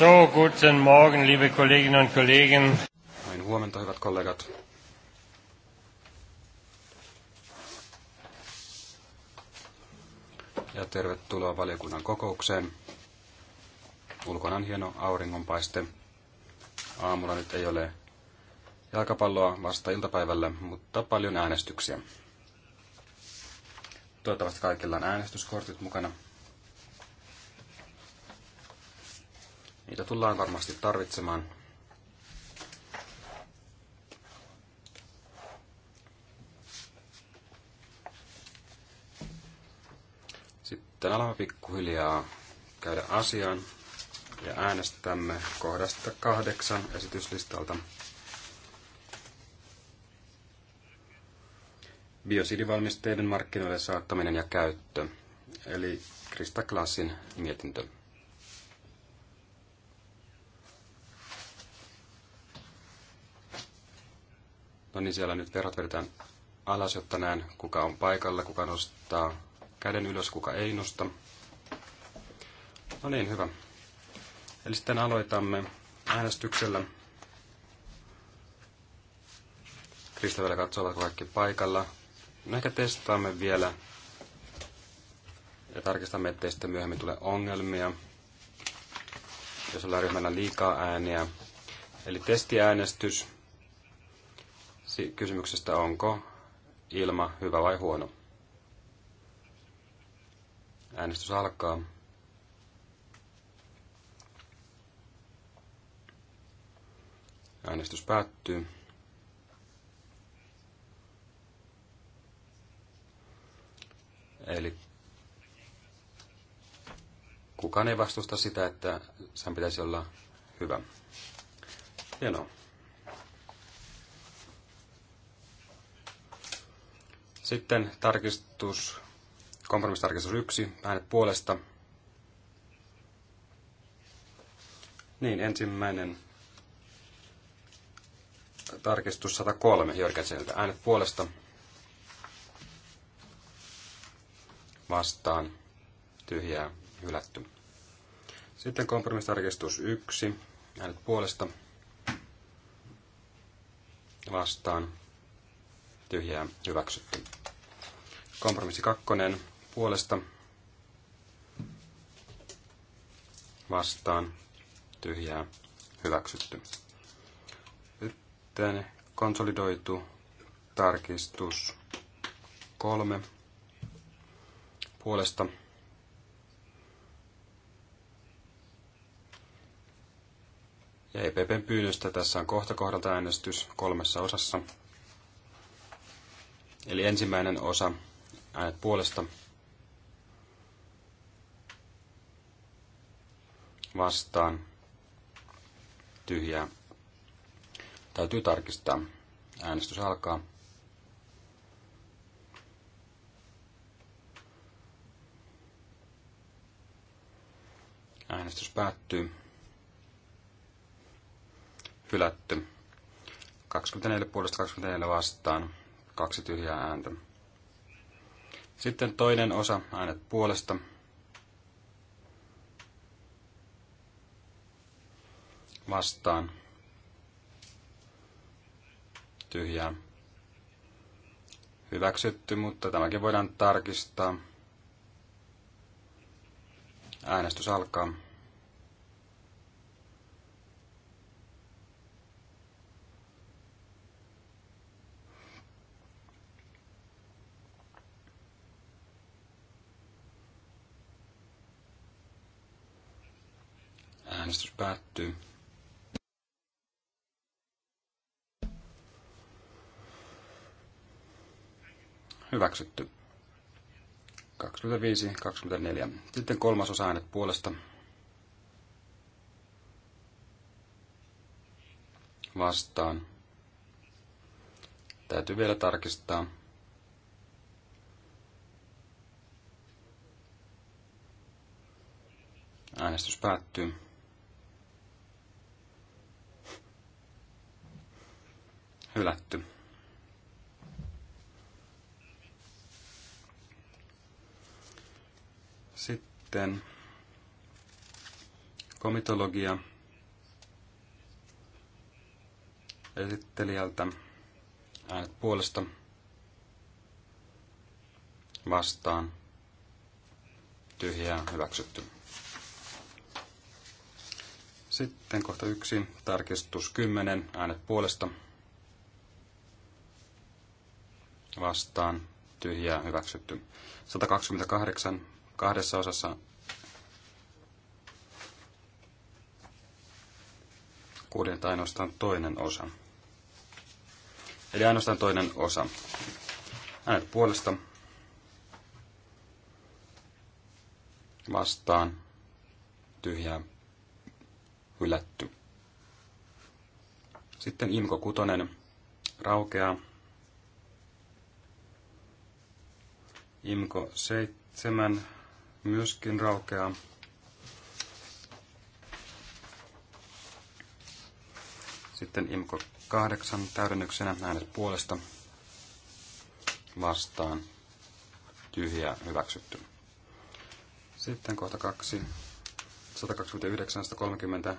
So, guten Morgen, liebe Kolleginnen und Kollegen. Ein huomenta, hyvät kollegat. Ja tervetuloa valiokunnan kokoukseen. Ulkona on hieno auringonpaiste. Aamulla nyt ei ole jalkapalloa vasta iltapäivällä, mutta paljon äänestyksiä. Toivottavasti kaikilla on äänestyskortit mukana. Niitä tullaan varmasti tarvitsemaan. Sitten alamme pikkuhiljaa käydä asiaan ja äänestämme kohdasta kahdeksan esityslistalta. Biosidivalmisteiden markkinoille saattaminen ja käyttö, eli Krista Klassin mietintö. No niin, siellä nyt verot vedetään alas, jotta näen, kuka on paikalla, kuka nostaa käden ylös, kuka ei nosta. No niin, hyvä. Eli sitten aloitamme äänestyksellä. Krista vielä katsoo, ovatko kaikki paikalla. No ehkä testaamme vielä ja tarkistamme, ettei sitten myöhemmin tule ongelmia, jos ollaan ryhmällä liikaa ääniä. Eli testiäänestys kysymyksestä, onko ilma hyvä vai huono. Äänestys alkaa. Äänestys päättyy. Eli kukaan ei vastusta sitä, että sen pitäisi olla hyvä. Hienoa. Sitten tarkistus, kompromistarkistus 1, äänet puolesta. Niin, ensimmäinen tarkistus 103 Jörgenseltä. Äänet puolesta vastaan tyhjää hylätty. Sitten kompromistarkistus 1. Äänet puolesta vastaan tyhjää hyväksytty. Kompromissi kakkonen puolesta vastaan tyhjää hyväksytty. Sitten konsolidoitu tarkistus kolme puolesta Ja EPPn pyynnöstä tässä on kohta kohdalta äänestys kolmessa osassa. Eli ensimmäinen osa äänet puolesta vastaan tyhjää. Täytyy tarkistaa. Äänestys alkaa. Äänestys päättyy. Hylätty. 24 puolesta 24 vastaan. Kaksi tyhjää ääntä. Sitten toinen osa, äänet puolesta. Vastaan. Tyhjää. Hyväksytty, mutta tämäkin voidaan tarkistaa. Äänestys alkaa. Äänestys päättyy. Hyväksytty. 25, 24. Sitten kolmas osa äänet puolesta. Vastaan. Täytyy vielä tarkistaa. Äänestys päättyy. Hylätty. Sitten komitologia esittelijältä äänet puolesta vastaan tyhjää hyväksytty. Sitten kohta yksi, tarkistus 10, äänet puolesta vastaan tyhjää hyväksytty. 128 kahdessa osassa kuudenta ainoastaan toinen osa. Eli ainoastaan toinen osa. Äänet puolesta vastaan tyhjää hylätty. Sitten Imko Kutonen raukeaa. Imko 7 myöskin raukeaa. Sitten Imko 8 täydennyksenä äänet puolesta vastaan tyhjä hyväksytty. Sitten kohta 2. 129, 130,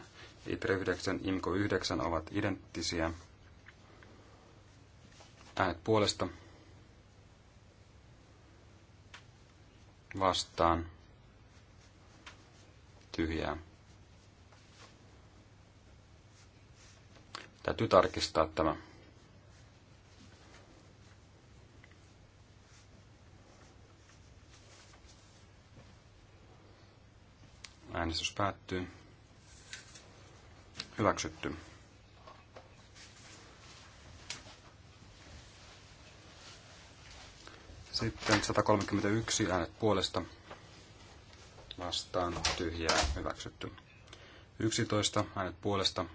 ITRE 9, IMKO 9 ovat identtisiä. Äänet puolesta vastaan tyhjää. Täytyy tarkistaa tämä. Äänestys päättyy. Hyväksytty. Sitten 131 äänet puolesta vastaan tyhjää hyväksytty. 11 äänet puolesta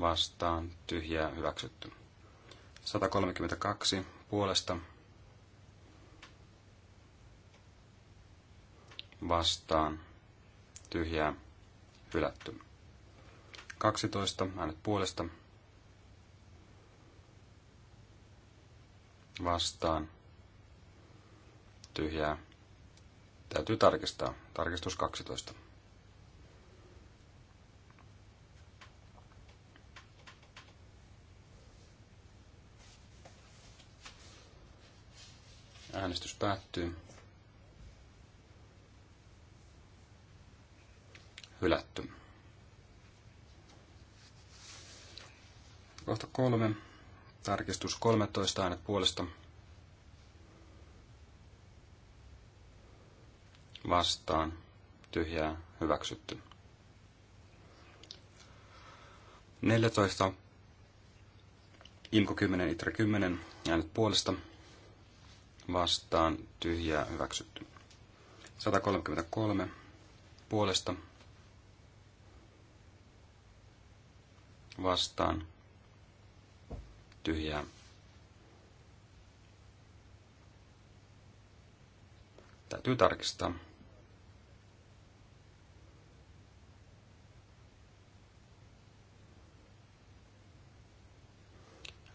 vastaan tyhjää hyväksytty. 132 puolesta vastaan tyhjää hylätty. 12 äänet puolesta vastaan, vastaan tyhjää. Täytyy tarkistaa. Tarkistus 12. Äänestys päättyy. Hylätty. Kohta kolme. Tarkistus 13 äänet puolesta. Vastaan. Tyhjää. Hyväksytty. 14. Imko 10, Itra 10. Äänet puolesta. Vastaan. Tyhjää. Hyväksytty. 133. Puolesta. Vastaan tyhjää. Täytyy tarkistaa.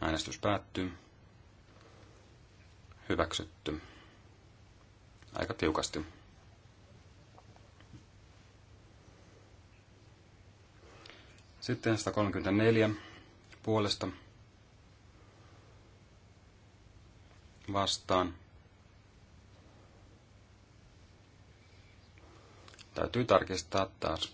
Äänestys päättyy. Hyväksytty. Aika tiukasti. Sitten 134 puolesta vastaan. Täytyy tarkistaa taas.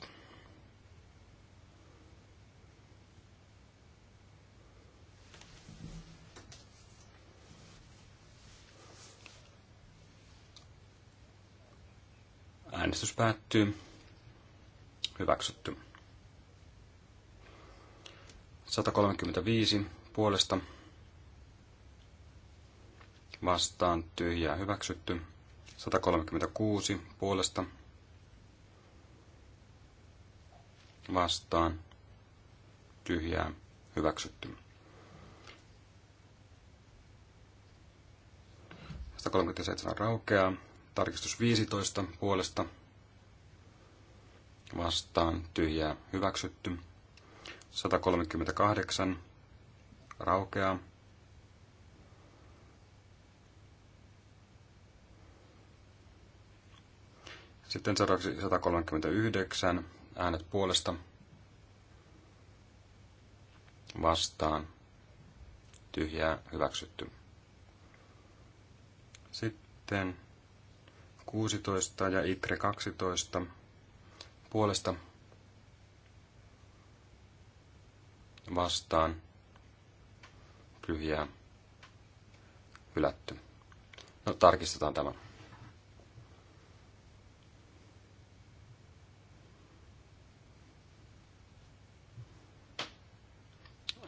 Äänestys päättyy. Hyväksytty. 135 puolesta vastaan tyhjää hyväksytty. 136 puolesta vastaan tyhjää hyväksytty. 137 raukeaa. Tarkistus 15 puolesta vastaan tyhjää hyväksytty. 138 raukeaa. Sitten seuraavaksi 139 äänet puolesta vastaan tyhjää hyväksytty. Sitten 16 ja ITRE 12 puolesta vastaan tyhjää hylätty. No tarkistetaan tämä.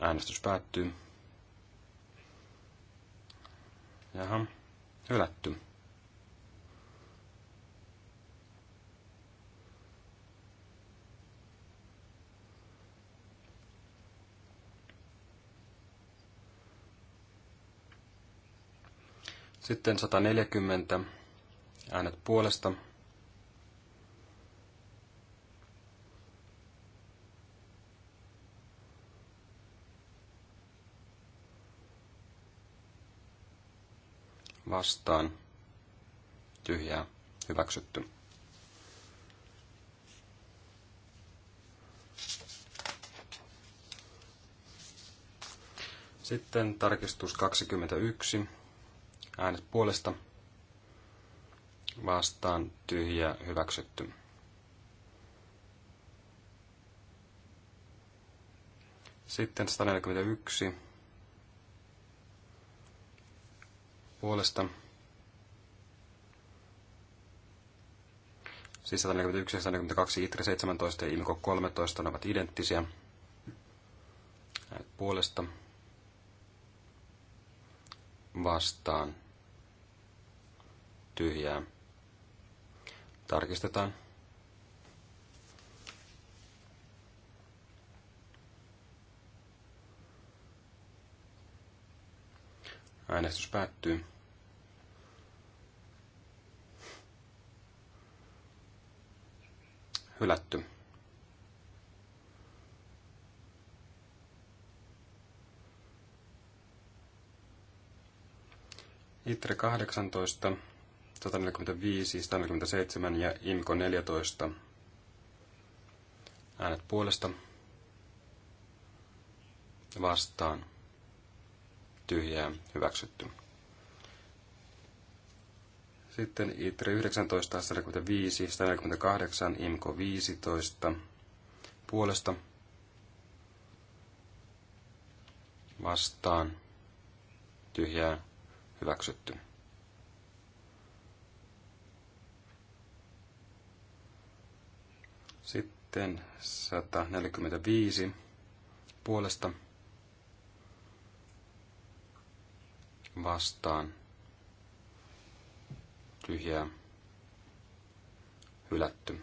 Äänestys päättyy. Jaha, hylätty. Sitten 140 äänet puolesta vastaan tyhjää hyväksytty. Sitten tarkistus 21. Äänet puolesta vastaan tyhjä hyväksytty. Sitten 141 puolesta. Siis 141, 142, itri 17 ja imiko 13 ne ovat identtisiä. Näin puolesta vastaan tyhjää. Tarkistetaan. Äänestys päättyy. hylätty. ITRE 18, 145, 147 ja IMCO 14. Äänet puolesta. Vastaan. Tyhjää. Hyväksytty. Sitten ITRE 19, 145, 148, IMKO 15 puolesta vastaan tyhjää hyväksytty. Sitten 145 puolesta vastaan tyhjää hylätty.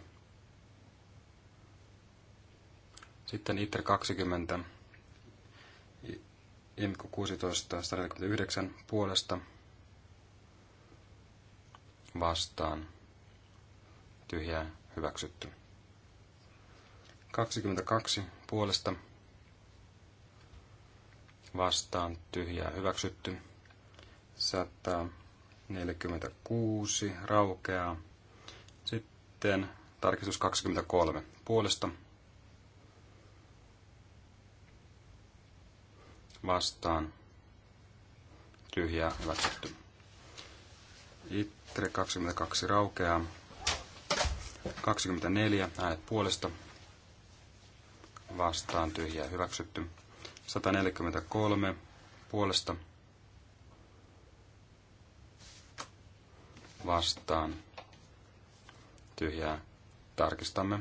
Sitten ITER 20, IMKU 16, 149 puolesta vastaan tyhjää hyväksytty. 22 puolesta vastaan tyhjää hyväksytty. 100 46 raukeaa. Sitten tarkistus 23 puolesta vastaan tyhjää hyväksytty. Itre 22 raukeaa. 24 äänet puolesta vastaan tyhjää hyväksytty. 143 puolesta vastaan tyhjää tarkistamme.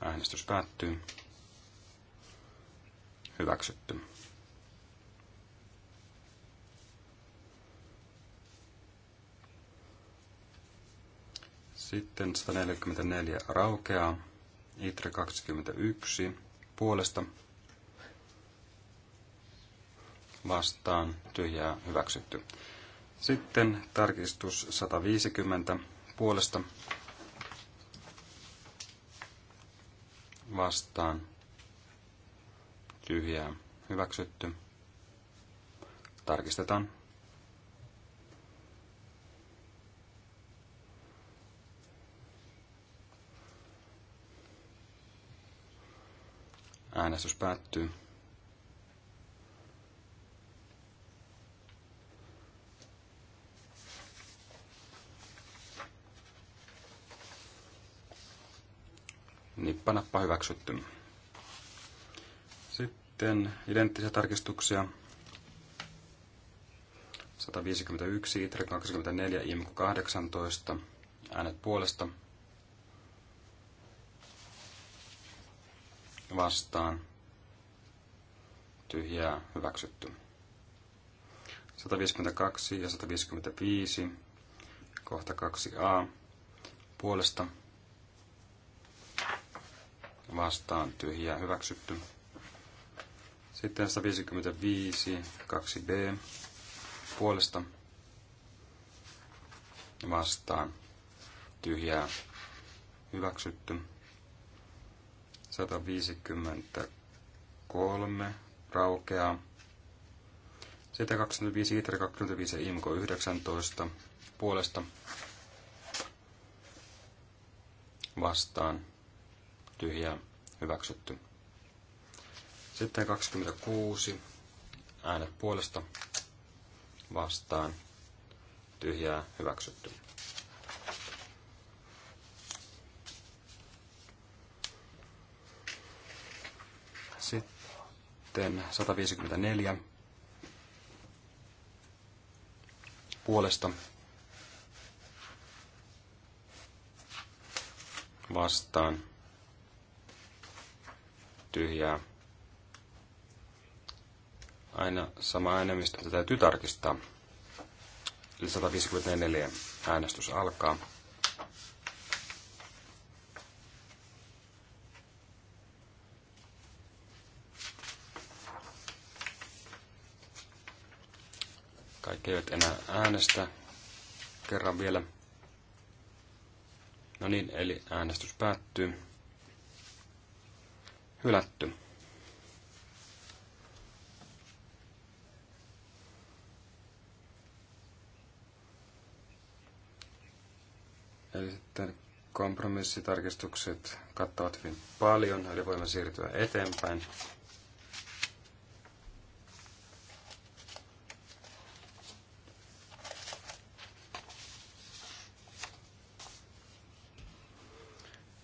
Äänestys päättyy. Hyväksytty. Sitten 144 raukeaa. Itre 21 puolesta vastaan tyhjää hyväksytty. Sitten tarkistus 150 puolesta vastaan tyhjää hyväksytty. Tarkistetaan Äänestys päättyy. Nippanappa hyväksytty. Sitten identtisiä tarkistuksia. 151, ITRE 24, IMK 18, äänet puolesta, vastaan tyhjää hyväksytty. 152 ja 155 kohta 2a puolesta vastaan tyhjää hyväksytty. Sitten 155 2b puolesta vastaan tyhjää hyväksytty. 153 raukeaa. Sitten 25 Itre 25 Imko 19 puolesta vastaan tyhjää hyväksytty. Sitten 26 äänet puolesta vastaan tyhjää hyväksytty. Sitten 154 puolesta vastaan tyhjää. Aina sama enemmistö täytyy tarkistaa. Eli 154 äänestys alkaa. Kaikki eivät enää äänestä. Kerran vielä. No niin, eli äänestys päättyy. Hylätty. Eli sitten kompromissitarkistukset kattavat hyvin paljon, eli voimme siirtyä eteenpäin.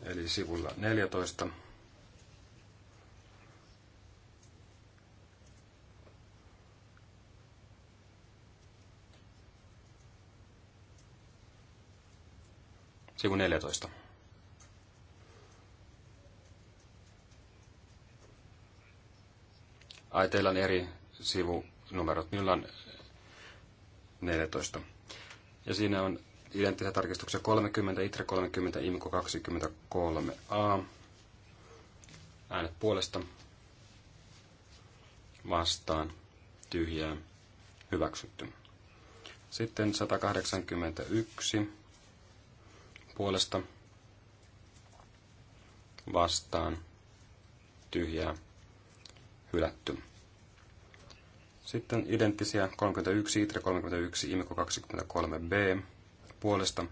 eli sivulla 14. Sivu 14. Ai, teillä on eri sivunumerot. Minulla on 14. Ja siinä on identtisiä tarkistuksia 30, ITRE 30, IMCO 23a. Äänet puolesta vastaan tyhjää hyväksytty. Sitten 181 puolesta vastaan tyhjää hylätty. Sitten identtisiä 31, ITRE 31, IMCO 23b puolesta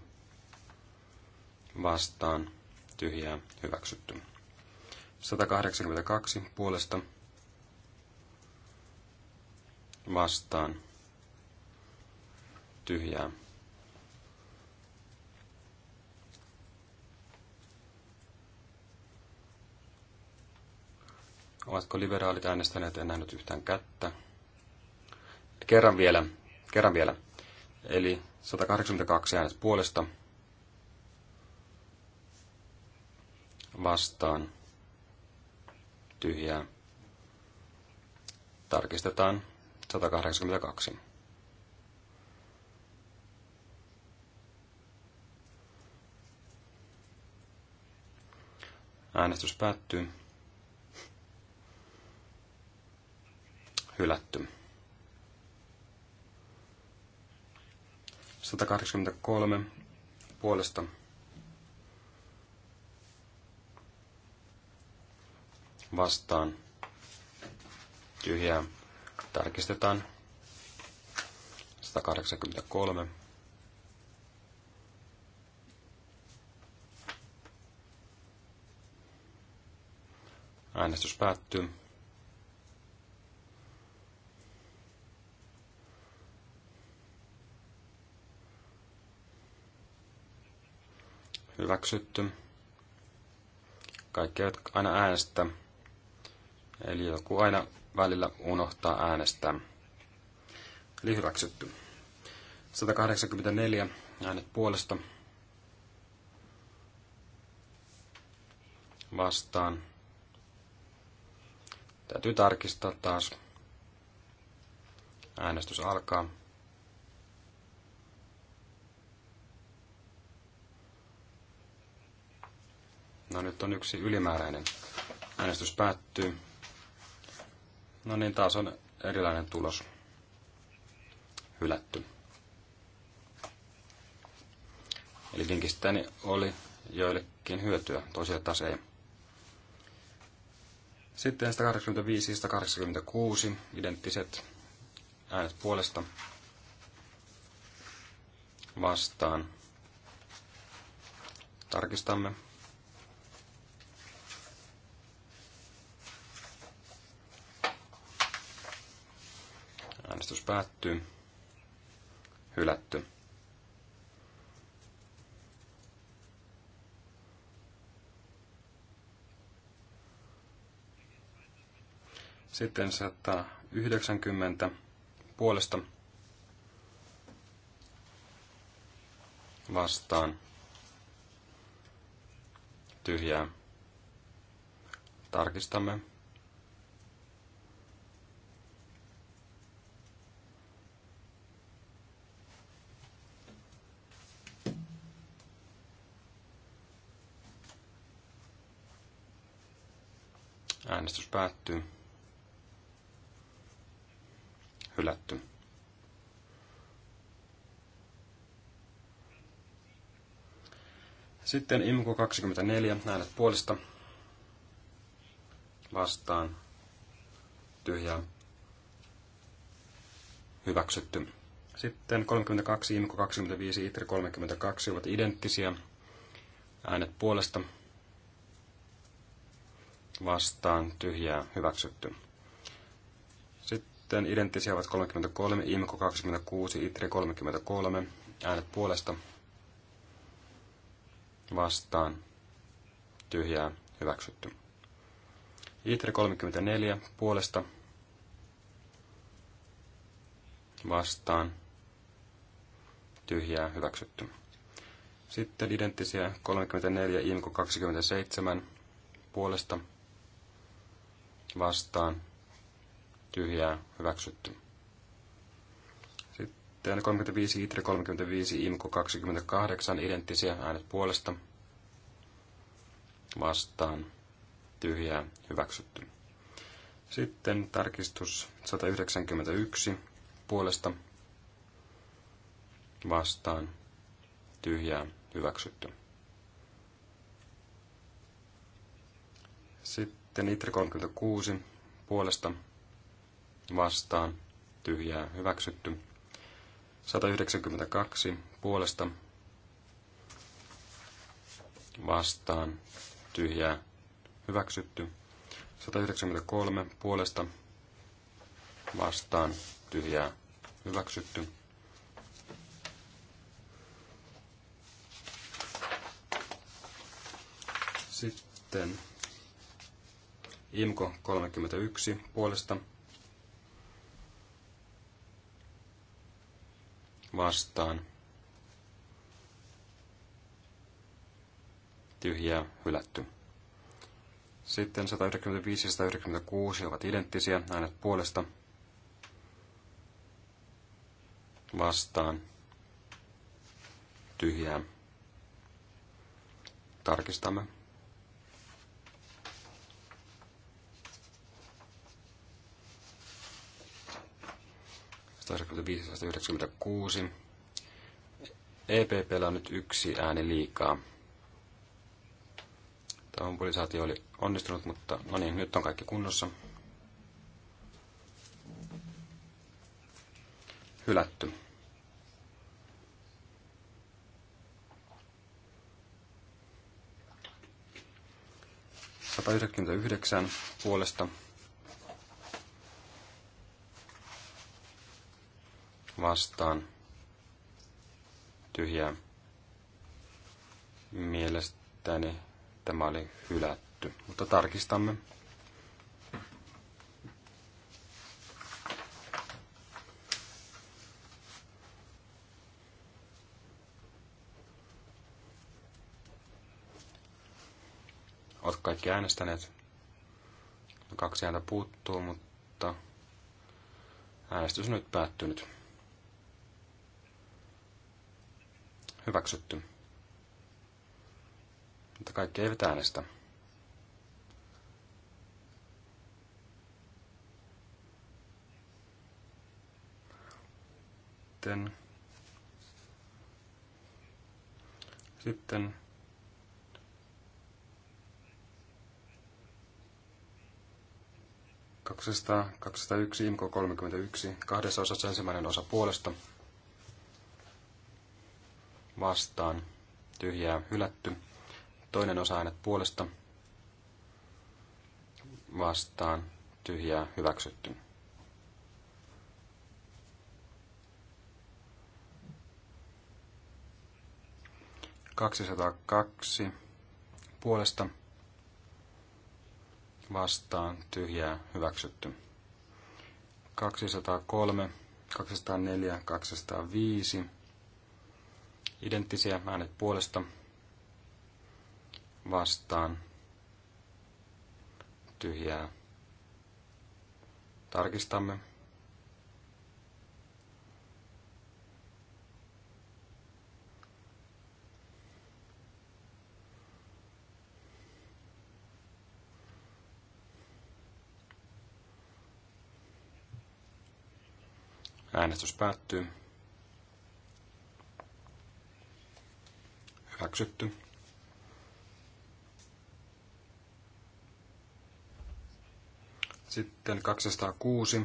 vastaan tyhjää hyväksytty. 182 puolesta vastaan tyhjää Ovatko liberaalit äänestäneet? En nähnyt yhtään kättä. Kerran vielä. Kerran vielä. Eli 182 äänet puolesta vastaan tyhjää. Tarkistetaan 182. Äänestys päättyy. Hylätty. 183 puolesta vastaan tyhjää tarkistetaan 183 Äänestys päättyy. Hyväksytty. Kaikki eivät aina äänestä. Eli joku aina välillä unohtaa äänestää. Eli hyväksytty. 184 äänet puolesta. Vastaan. Täytyy tarkistaa taas. Äänestys alkaa. No nyt on yksi ylimääräinen. Äänestys päättyy. No niin, taas on erilainen tulos. Hylätty. Eli vinkistäni oli joillekin hyötyä, toisille taas ei. Sitten 185, 186, identtiset äänet puolesta vastaan. Tarkistamme. Äänestys päättyy. Hylätty. Sitten 190 puolesta vastaan tyhjää. Tarkistamme. Äänestys päättyy. Hylätty. Sitten IMKO 24, äänet puolesta. Vastaan. Tyhjää. Hyväksytty. Sitten 32, IMKO 25, ITRI 32 ovat identtisiä. Äänet puolesta vastaan tyhjää hyväksytty. Sitten identtisiä ovat 33, IMKO 26, ITRE 33, äänet puolesta vastaan tyhjää hyväksytty. ITRE 34 puolesta vastaan tyhjää hyväksytty. Sitten identtisiä 34 IMKO 27 puolesta vastaan tyhjää hyväksytty. Sitten 35 Itre 35 Imko 28 identtisiä äänet puolesta vastaan tyhjää hyväksytty. Sitten tarkistus 191 puolesta vastaan tyhjää hyväksytty. Sitten Itre 36 puolesta vastaan tyhjää hyväksytty. 192 puolesta vastaan tyhjää hyväksytty. 193 puolesta vastaan tyhjää hyväksytty. Sitten Imko 31 puolesta vastaan. Tyhjää hylätty. Sitten 195 ja 196 ovat identtisiä. Äänet puolesta vastaan. Tyhjää. Tarkistamme. 195-196. EPP on nyt yksi ääni liikaa. Tämä mobilisaatio oli onnistunut, mutta no niin, nyt on kaikki kunnossa. Hylätty. Sata puolesta vastaan tyhjää. Mielestäni tämä oli hylätty, mutta tarkistamme. Olet kaikki äänestäneet. No, kaksi ääntä puuttuu, mutta äänestys on nyt päättynyt. Hyväksytty. Mutta kaikki eivät äänestä. Sitten, sitten kaksesta, 201, IMK 31, kahdessa osassa ensimmäinen osa puolesta vastaan, tyhjää hylätty. Toinen osa aineet puolesta vastaan, tyhjää hyväksytty. kaksi puolesta vastaan tyhjää hyväksytty. 203, 204, 205 Identtisiä äänet puolesta vastaan tyhjää. Tarkistamme. Äänestys päättyy. Hyväksytty. Sitten 206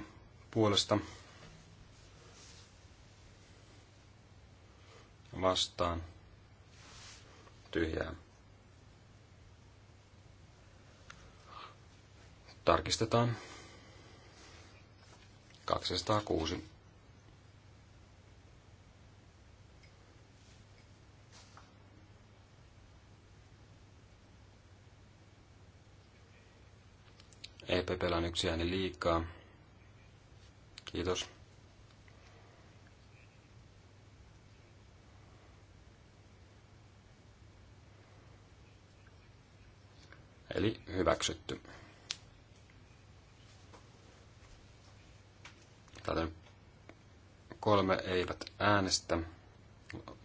puolesta vastaan tyhjää. Tarkistetaan. 206. EPPllä on yksi ääni liikaa. Kiitos. Eli hyväksytty. Täten kolme eivät äänestä,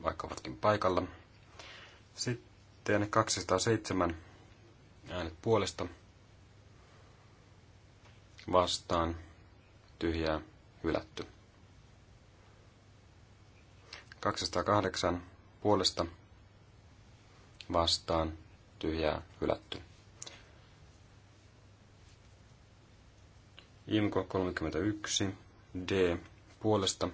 vaikka ovatkin paikalla. Sitten 207 äänet puolesta vastaan tyhjää hylätty. 208 puolesta vastaan tyhjää hylätty. Imko 31 D puolesta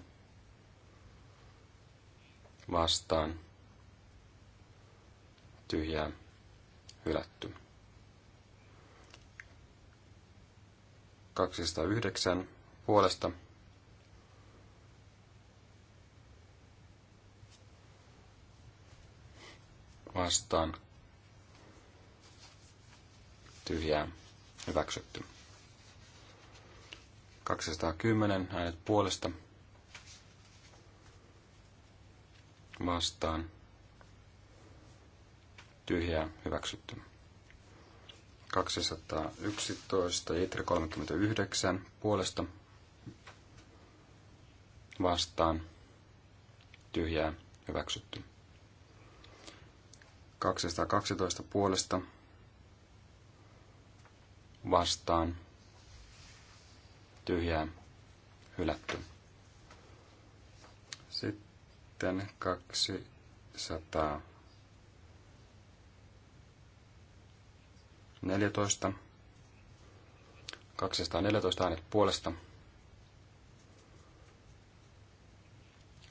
vastaan tyhjää hylätty. 209 puolesta vastaan tyhjää hyväksytty. 210 äänet puolesta vastaan tyhjää hyväksytty. 211, Jitri 39 puolesta vastaan tyhjää hyväksytty. 212 puolesta vastaan tyhjää hylätty. Sitten 200 14. 214 äänet puolesta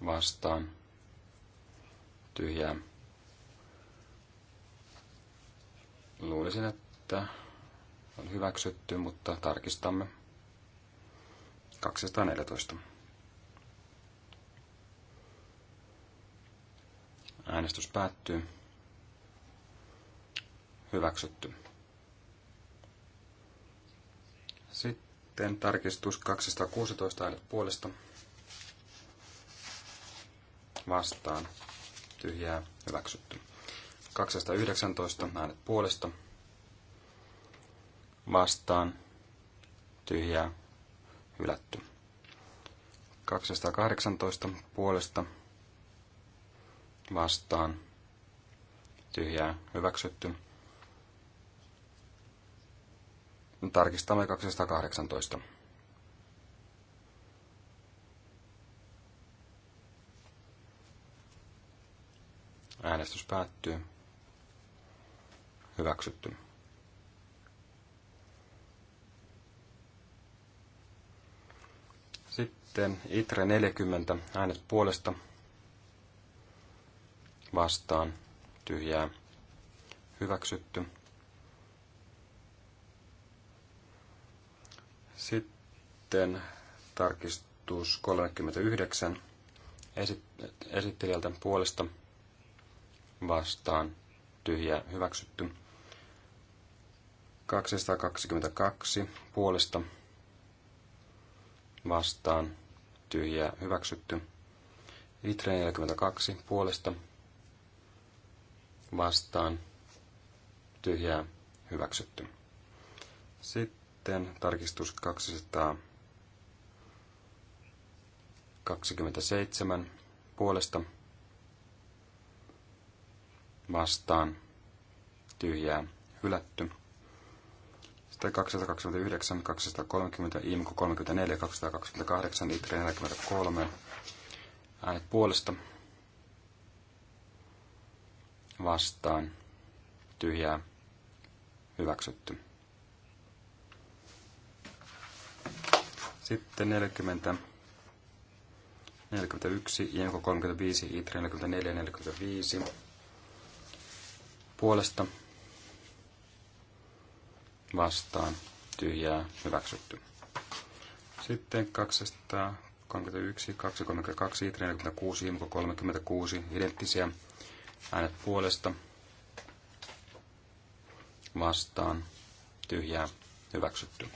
vastaan tyhjää. Luulisin, että on hyväksytty, mutta tarkistamme. 214. Äänestys päättyy. Hyväksytty. Sitten tarkistus 216 äänet puolesta vastaan tyhjää hyväksytty. 219 äänet puolesta vastaan tyhjää hylätty. 218 puolesta vastaan tyhjää hyväksytty. Tarkistamme 218. Äänestys päättyy. Hyväksytty. Sitten ITRE 40 äänet puolesta vastaan tyhjää hyväksytty. Sitten tarkistus 39 esittelijältä puolesta vastaan tyhjä hyväksytty. 222 puolesta vastaan tyhjä hyväksytty. Itre 42 puolesta vastaan tyhjää hyväksytty. Sitten sitten tarkistus 227 puolesta vastaan tyhjää hylätty. Sitten 229, 230, IMKO 34, 228, ITRE 43. Äänet puolesta vastaan tyhjää hyväksytty. Sitten 40, 41, Jenko 35, Itri 44 45 puolesta vastaan tyhjää hyväksytty. Sitten 231, 232, Itri 46, IMK 36 identtisiä äänet puolesta vastaan tyhjää hyväksytty.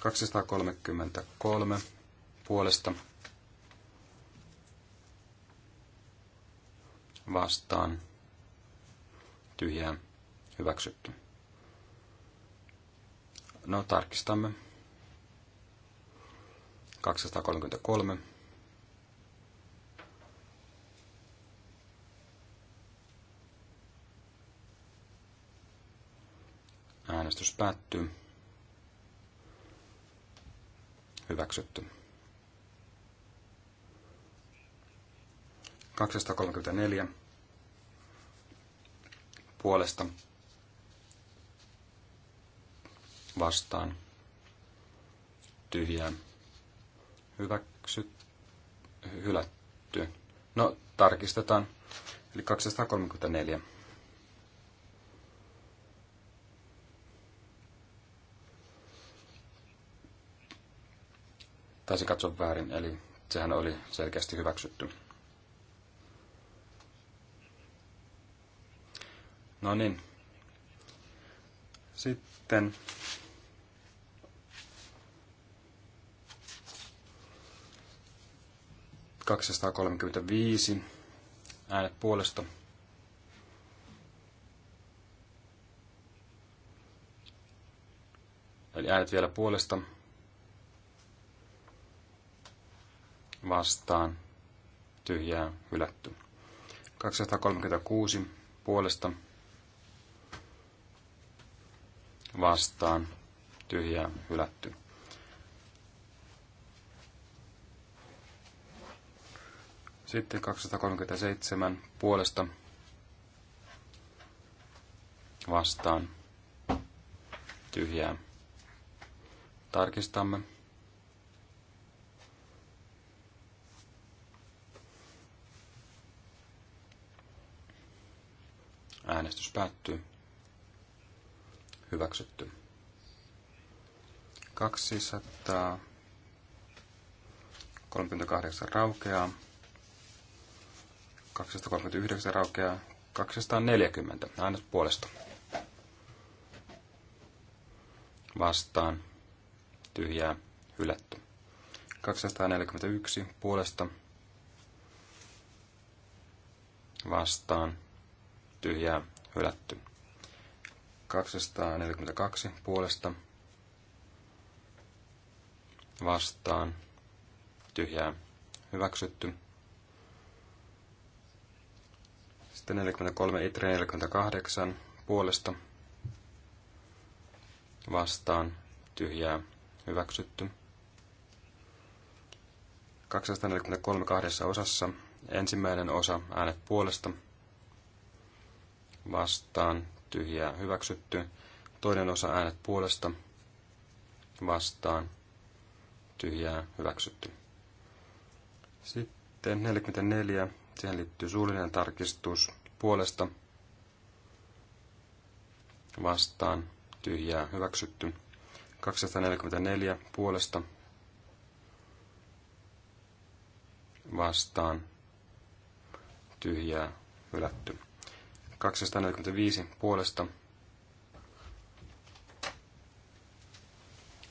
233 puolesta vastaan tyhjää hyväksytty. No tarkistamme. 233. Äänestys päättyy hyväksytty. 234 puolesta vastaan tyhjää hyväksy, hylätty. No, tarkistetaan. Eli 234. taisi katsoa väärin, eli sehän oli selkeästi hyväksytty. No niin. Sitten kaksisataakolmekymmentäviisi äänet puolesta Eli äänet vielä puolesta vastaan tyhjää hylätty. 236 puolesta vastaan tyhjää hylätty. Sitten 237 puolesta vastaan tyhjää. Tarkistamme. Äänestys päättyy. Hyväksytty. 238 raukeaa. 239 raukeaa. 240. Äänet puolesta. Vastaan. Tyhjää. Hylätty. 241 puolesta. Vastaan tyhjää hylätty. 242 puolesta vastaan tyhjää hyväksytty. Sitten 43 itre 48 puolesta vastaan tyhjää hyväksytty. 243 kahdessa osassa. Ensimmäinen osa äänet puolesta vastaan, tyhjää hyväksytty. Toinen osa äänet puolesta vastaan, tyhjää hyväksytty. Sitten 44, siihen liittyy suullinen tarkistus puolesta vastaan, tyhjää hyväksytty. 244 puolesta vastaan, tyhjää hylätty. 245 puolesta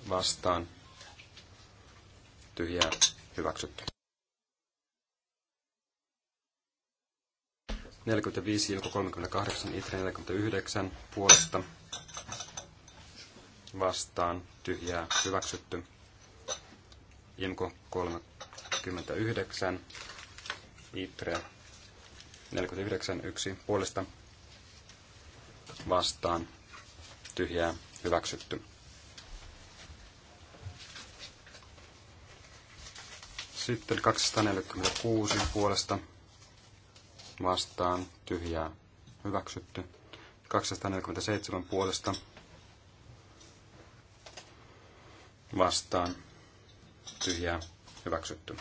vastaan tyhjää hyväksytty. 45, Ilko 38, itse 49 puolesta vastaan tyhjää hyväksytty. Imko 39, Itre 49, 1 puolesta vastaan tyhjää hyväksytty. Sitten 246 puolesta vastaan tyhjää hyväksytty. 247 puolesta vastaan tyhjää hyväksytty.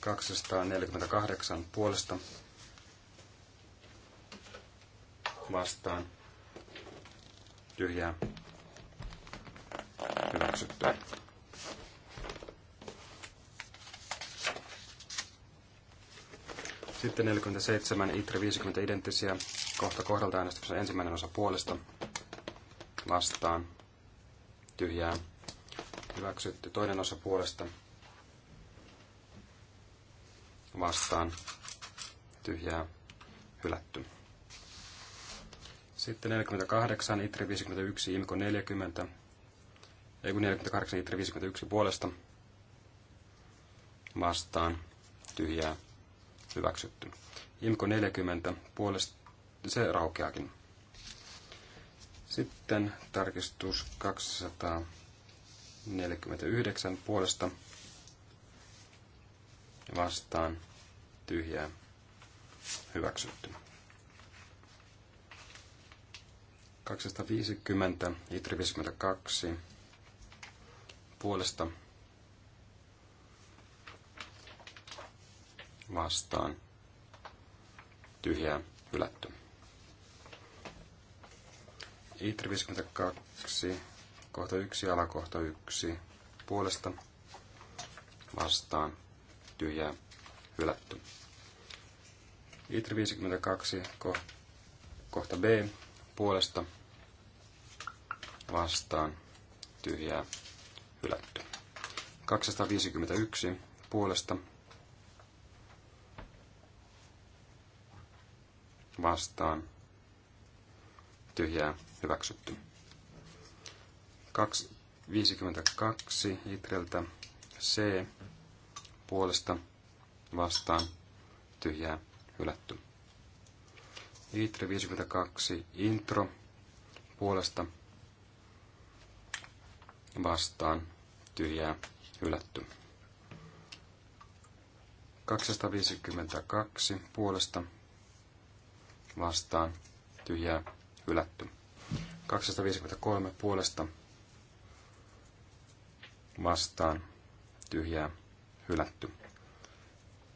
248 puolesta vastaan tyhjää hyväksyttyä. Sitten 47, ITRI 50 identtisiä. Kohta kohdalta äänestyksessä ensimmäinen osa puolesta vastaan tyhjää hyväksytty. Toinen osa puolesta vastaan tyhjää hylätty. Sitten 48, ITRI 51, IMKO 40, ei kun 48, ITRI 51 puolesta vastaan tyhjää hyväksytty. IMKO 40 puolesta, se raukeakin. Sitten tarkistus 249 puolesta vastaan tyhjää hyväksytty. 250, Itri 52 puolesta vastaan tyhjää hylätty. Itri 52, kohta 1, alakohta 1, puolesta vastaan tyhjää hylätty. Itri 52, kohta B, puolesta vastaan tyhjää hylätty. 251 puolesta vastaan tyhjää hyväksytty. 252 Itreltä C puolesta vastaan tyhjää hylätty. Itre 52 intro puolesta vastaan tyhjää hylätty. 252 puolesta vastaan tyhjää hylätty. 253 puolesta vastaan tyhjää hylätty.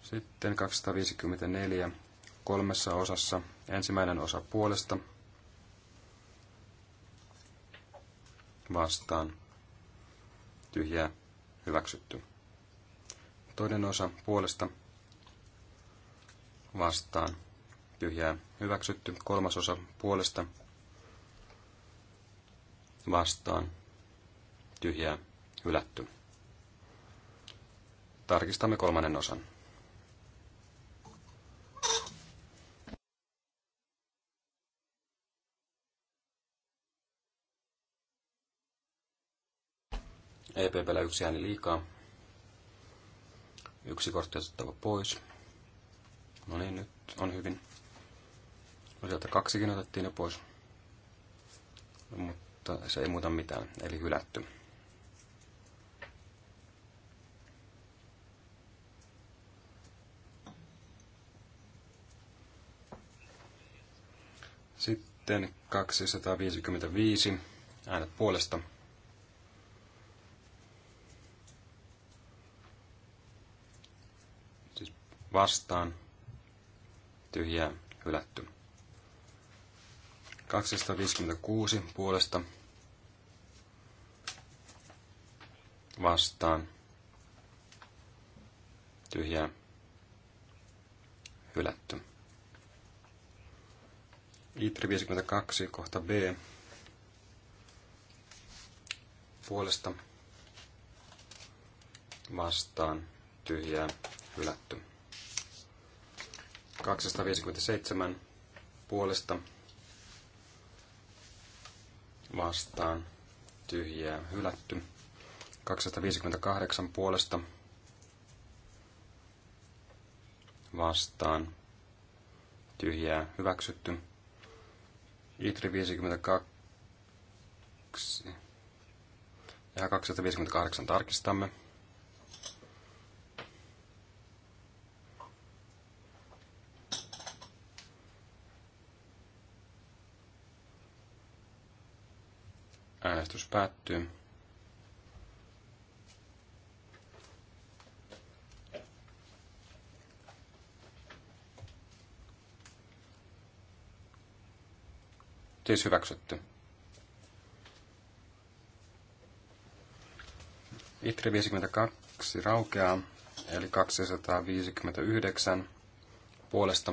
Sitten 254 kolmessa osassa Ensimmäinen osa puolesta vastaan tyhjää hyväksytty. Toinen osa puolesta vastaan tyhjää hyväksytty. Kolmas osa puolesta vastaan tyhjää hylätty. Tarkistamme kolmannen osan. EPPllä yksi ääni liikaa. Yksi kortti otettava pois. No niin, nyt on hyvin. No sieltä kaksikin otettiin jo pois. Mutta se ei muuta mitään, eli hylätty. Sitten 255 äänet puolesta vastaan, tyhjää hylätty. 256 puolesta vastaan, tyhjää hylätty. Itri 52, kohta B, puolesta vastaan tyhjää hylätty. 257 puolesta vastaan tyhjää hylätty. 258 puolesta vastaan tyhjää hyväksytty. Itri 52 ja 258 tarkistamme. Äänestys päättyy. Siis hyväksytty. Itri 52 raukeaa, eli 259 puolesta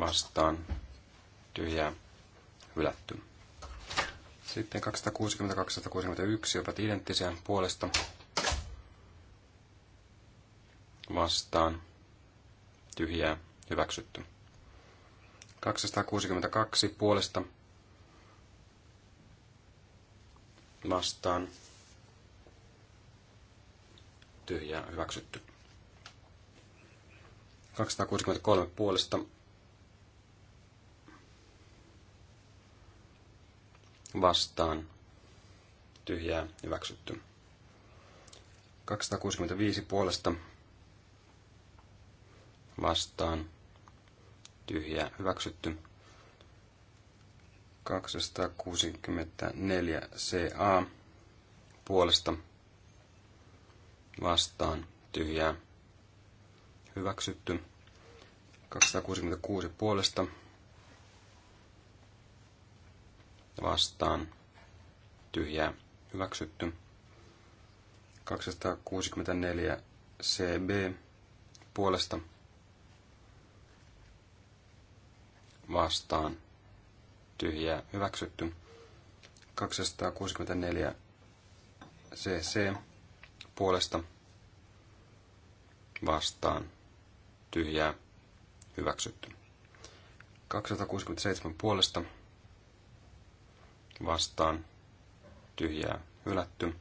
vastaan tyhjää hylätty. Sitten 260-261 ovat identtisiä puolesta vastaan tyhjää hyväksytty. 262 puolesta vastaan tyhjää hyväksytty. 263 puolesta vastaan tyhjää hyväksytty. 265 puolesta vastaan tyhjää hyväksytty. 264 CA puolesta vastaan tyhjää hyväksytty. 266 puolesta vastaan tyhjää hyväksytty. 264 CB puolesta vastaan tyhjää hyväksytty. 264 CC puolesta vastaan tyhjää hyväksytty. 267 puolesta vastaan tyhjää hylätty.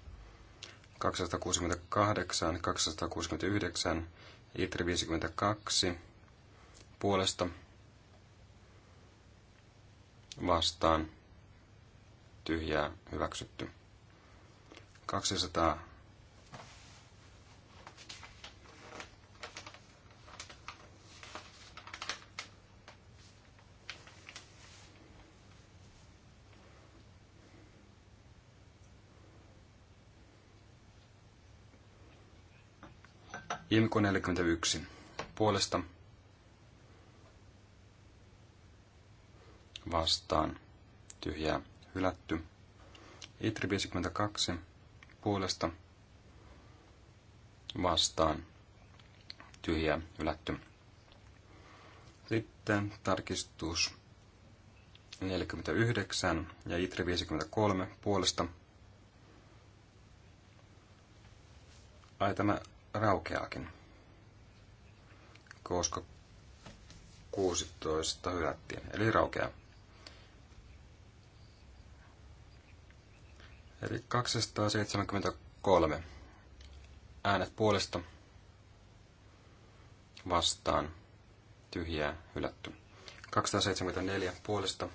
268, 269, Itri 52 puolesta vastaan tyhjää hyväksytty. 200 Imko 41. Puolesta vastaan tyhjää hylätty. Itri 52. Puolesta vastaan tyhjää hylätty. Sitten tarkistus 49 ja Itri 53 puolesta. Ai tämä raukeakin, koska 16 hylättiin, eli raukea Eli 273 äänet puolesta vastaan tyhjää hylätty. 274 puolesta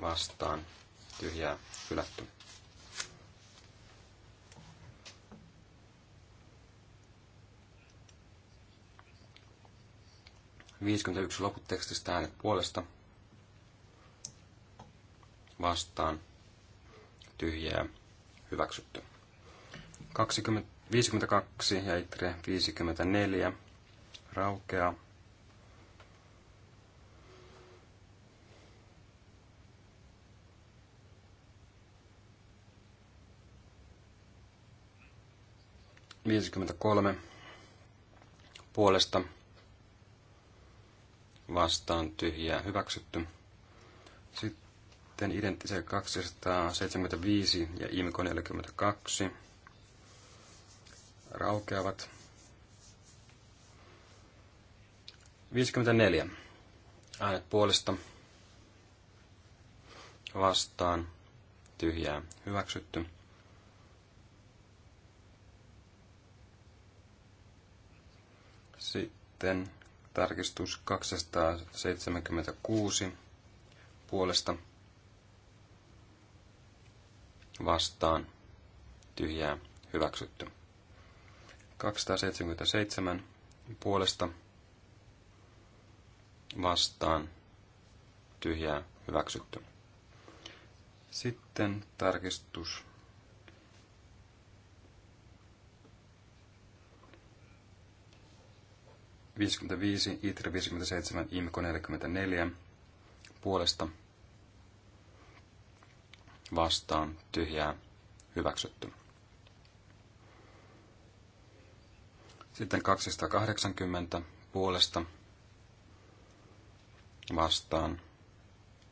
vastaan tyhjää hylätty. 51 loputekstistä äänet puolesta. Vastaan. Tyhjää. Hyväksytty. 20, 52 ja itre 54. Raukeaa. kolme puolesta vastaan tyhjää hyväksytty. Sitten identtisiä 275 ja IMCO 42 raukeavat. 54. Äänet puolesta vastaan tyhjää hyväksytty. Sitten Tarkistus 276 puolesta vastaan tyhjää hyväksytty. 277 puolesta vastaan tyhjää hyväksytty. Sitten tarkistus 55, ITRE 57, IMKO 44 puolesta vastaan tyhjää hyväksytty. Sitten 280 puolesta vastaan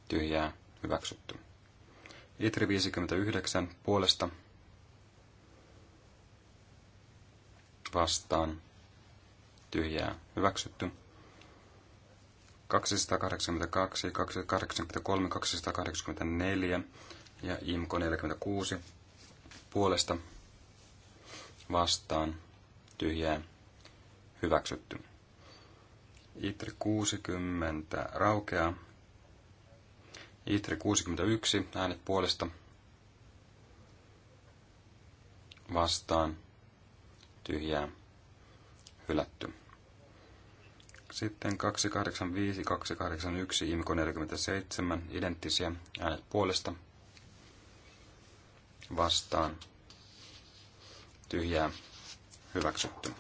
tyhjää hyväksytty. Itri 59 puolesta vastaan tyhjää hyväksytty. 282, 283, 284 ja IMKO 46 puolesta vastaan tyhjää hyväksytty. ITRI 60 raukeaa. ITRI 61 äänet puolesta vastaan tyhjää hylätty. Sitten 285, 281, IMKO 47, identtisiä äänet puolesta vastaan. Tyhjää hyväksytty.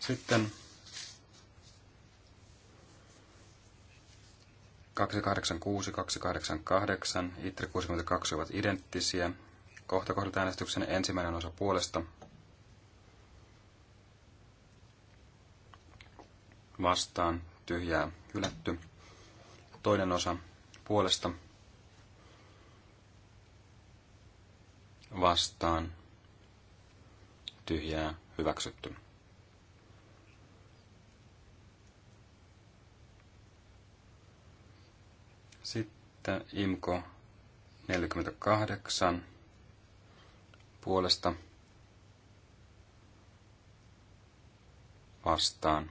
Sitten 286, 288, ITRE 62 ovat identtisiä. Kohta kohdalta äänestyksen ensimmäinen osa puolesta vastaan tyhjää hylätty. Toinen osa puolesta vastaan tyhjää hyväksytty. Sitten IMKO 48 puolesta vastaan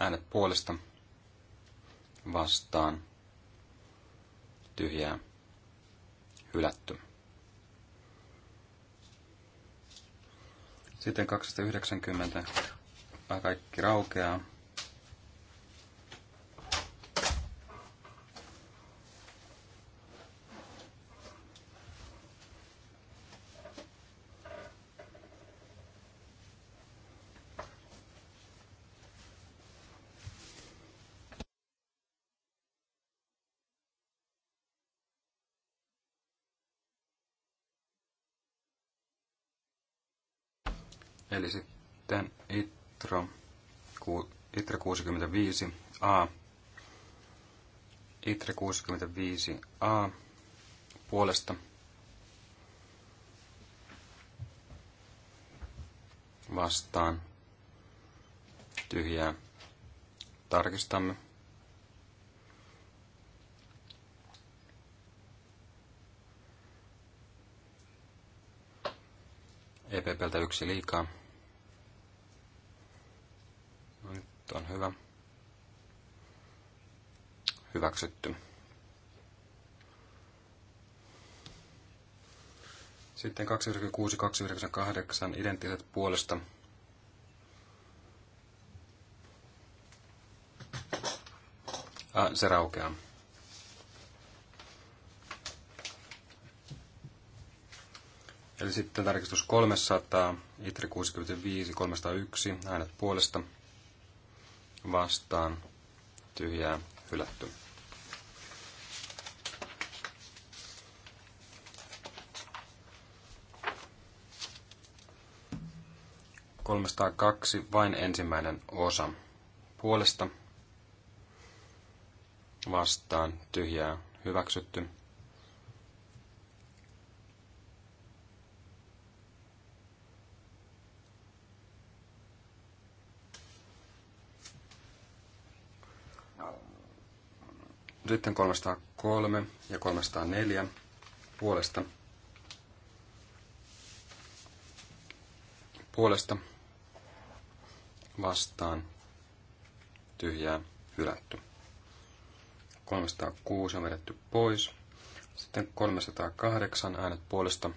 Äänet puolesta vastaan tyhjää hylätty. Sitten 290 kaikki raukeaa. Eli sitten ITRO, ITRO 65 A. ITRO 65 A puolesta vastaan tyhjää. Tarkistamme. EPPltä yksi liikaa. Nyt on hyvä. Hyväksytty. Sitten 296-298 identtiset puolesta. Ah, se raukeaa. Eli sitten tarkistus 300, ITRI 65, 301, äänet puolesta vastaan tyhjää hylätty. kolmesta kaksi vain ensimmäinen osa puolesta vastaan tyhjää hyväksytty. Sitten 303 ja 304 puolesta. Puolesta vastaan tyhjää hylätty. 306 on vedetty pois. Sitten 308 äänet puolesta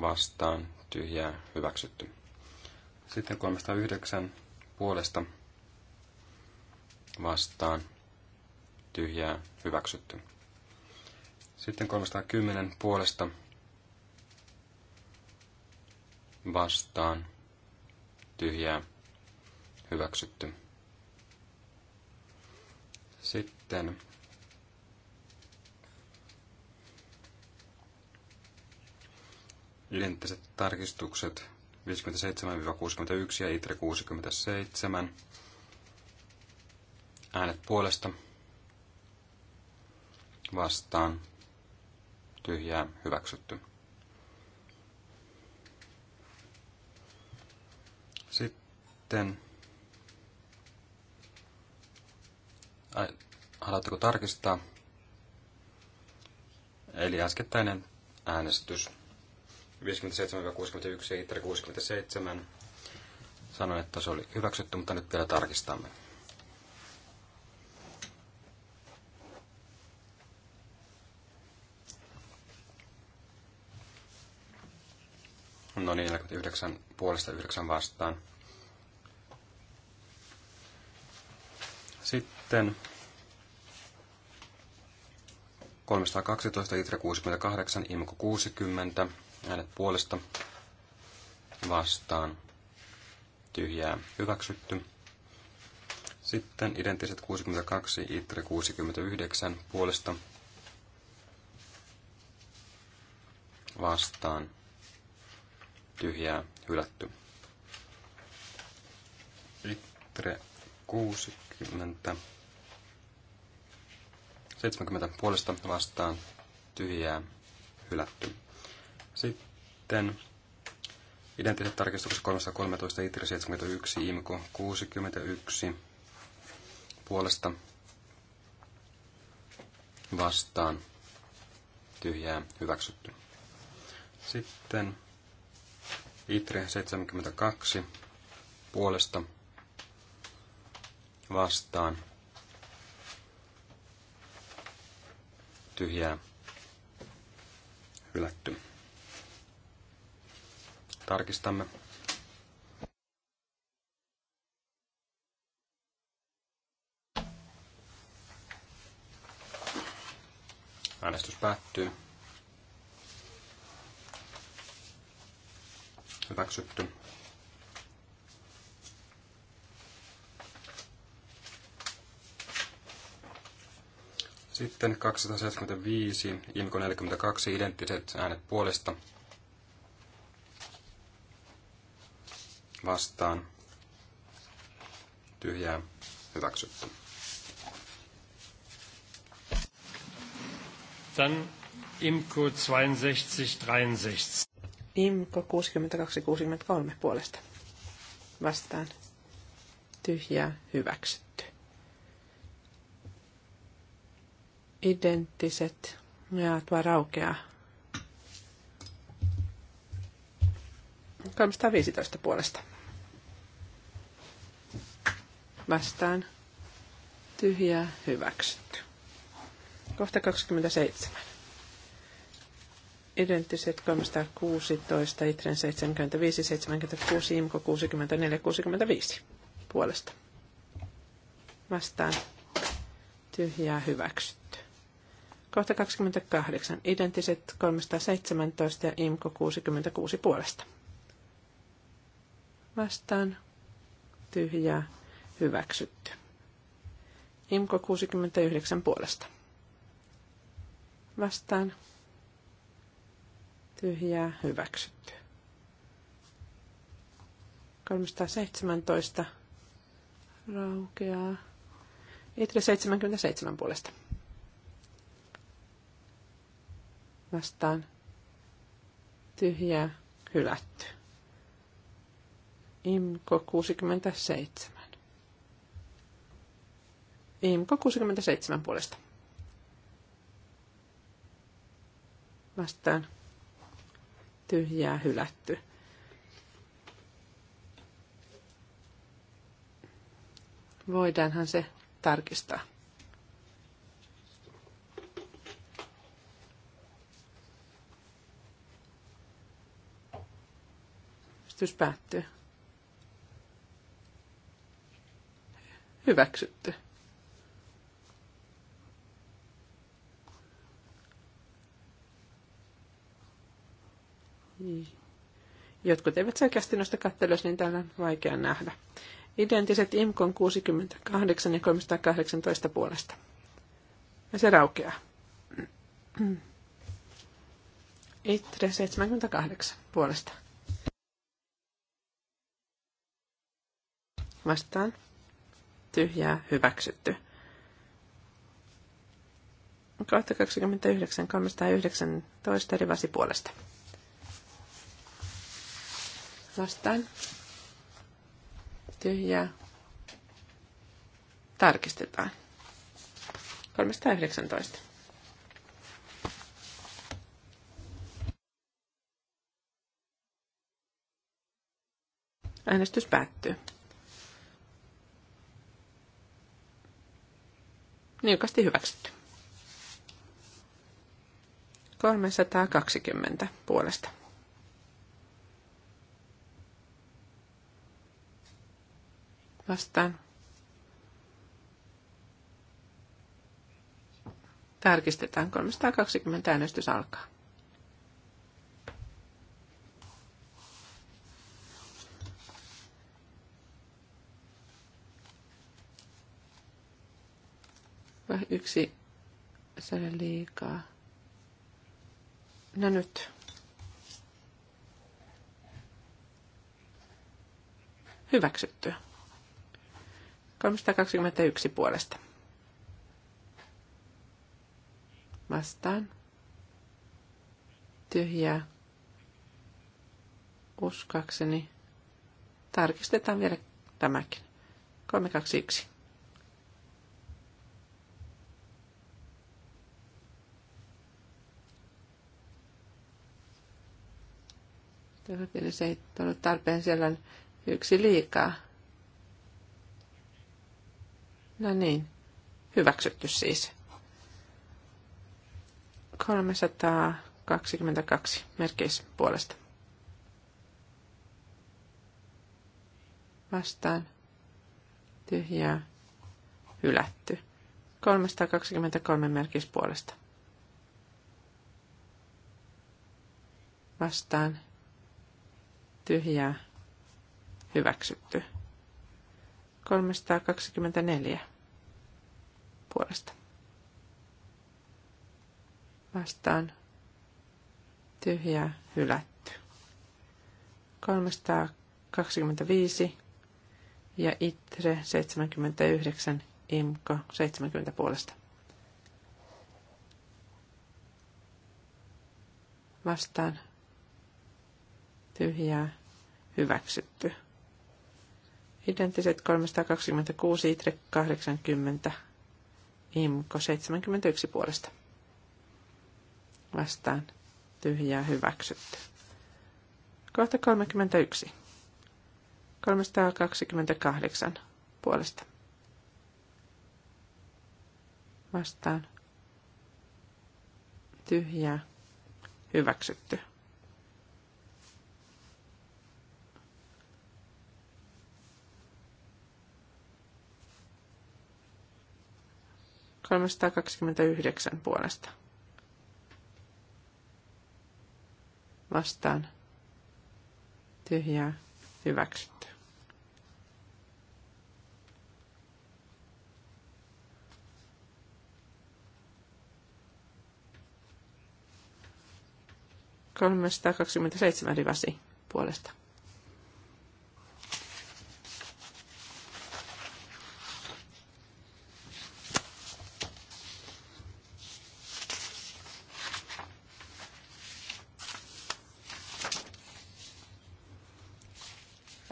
vastaan tyhjää hyväksytty. Sitten 309 puolesta vastaan tyhjää hyväksytty. Sitten 310 puolesta vastaan tyhjää hyväksytty. Sitten identtiset tarkistukset 57-61 ja ITRE 67. Äänet puolesta vastaan tyhjää hyväksytty. Sitten, ai, haluatteko tarkistaa? Eli äskettäinen äänestys 57-61 ja 67 sanoin, että se oli hyväksytty, mutta nyt vielä tarkistamme. yhdeksän puolesta 9 vastaan. Sitten 312, Itre 68, Imko 60, äänet puolesta vastaan, tyhjää hyväksytty. Sitten identtiset 62, Itre 69 puolesta vastaan, tyhjää hylätty. Itre 60. 70 puolesta vastaan tyhjää hylätty. Sitten identiteet tarkistuksessa 313, Itre 71, Imko 61 puolesta vastaan tyhjää hyväksytty. Sitten ITRE 72 puolesta vastaan tyhjää hylätty. Tarkistamme. Äänestys päättyy. hyväksytty. Sitten 275, IMCO 42, identtiset äänet puolesta. Vastaan. Tyhjää. Hyväksytty. Dann IMCO 62, 63. Imko 62-63 puolesta. Vastaan. Tyhjää hyväksytty. Identtiset. Ja tuo raukeaa. 315 puolesta. Vastaan. Tyhjää hyväksytty. Kohta 27. Identtiset 316, Itren 75, 76, Imko 64, 65 puolesta. Vastaan tyhjää hyväksytty. Kohta 28. Identtiset 317 ja IMKO 66 puolesta. Vastaan tyhjää hyväksytty. IMKO 69 puolesta. Vastaan tyhjää hyväksytty. 317 raukeaa. Itre 77 puolesta. Vastaan tyhjää hylätty. Imko 67. Imko 67 puolesta. Vastaan tyhjää hylätty. Voidaanhan se tarkistaa. Äänestys päättyy. Hyväksytty. Niin. Jotkut eivät selkeästi noista kattelös, niin täällä on vaikea nähdä. Identiset IMKon 68 ja 318 puolesta. Ja se raukeaa. Itre 78 puolesta. Vastaan. Tyhjää hyväksytty. 229, 319 rivasi puolesta vastaan. Tyhjää. Tarkistetaan. 319. Äänestys päättyy. Niukasti hyväksytty. 320 puolesta. vastaan. Tarkistetaan. 320 äänestys alkaa. yksi sen liikaa. No nyt. Hyväksyttyä. 321 puolesta. Vastaan. Tyhjää. Uskakseni. Tarkistetaan vielä tämäkin. 321. Tämä on tarpeen siellä yksi liikaa. No niin, hyväksytty siis. 322 merkeis puolesta. Vastaan. Tyhjää. Hylätty. 323 merkeis puolesta. Vastaan. Tyhjää. Hyväksytty. 324 puolesta. Vastaan tyhjä hylätty. 325 ja ITRE 79, IMKO 70 puolesta. Vastaan tyhjää hyväksytty. Identtiset 326, ITRE 80 Imko 71 puolesta. Vastaan. Tyhjää hyväksytty. Kohta 31. 328 puolesta. Vastaan. Tyhjää hyväksytty. 329 puolesta. Vastaan. Tyhjää. Hyväksytty. seitsemän rivasi puolesta.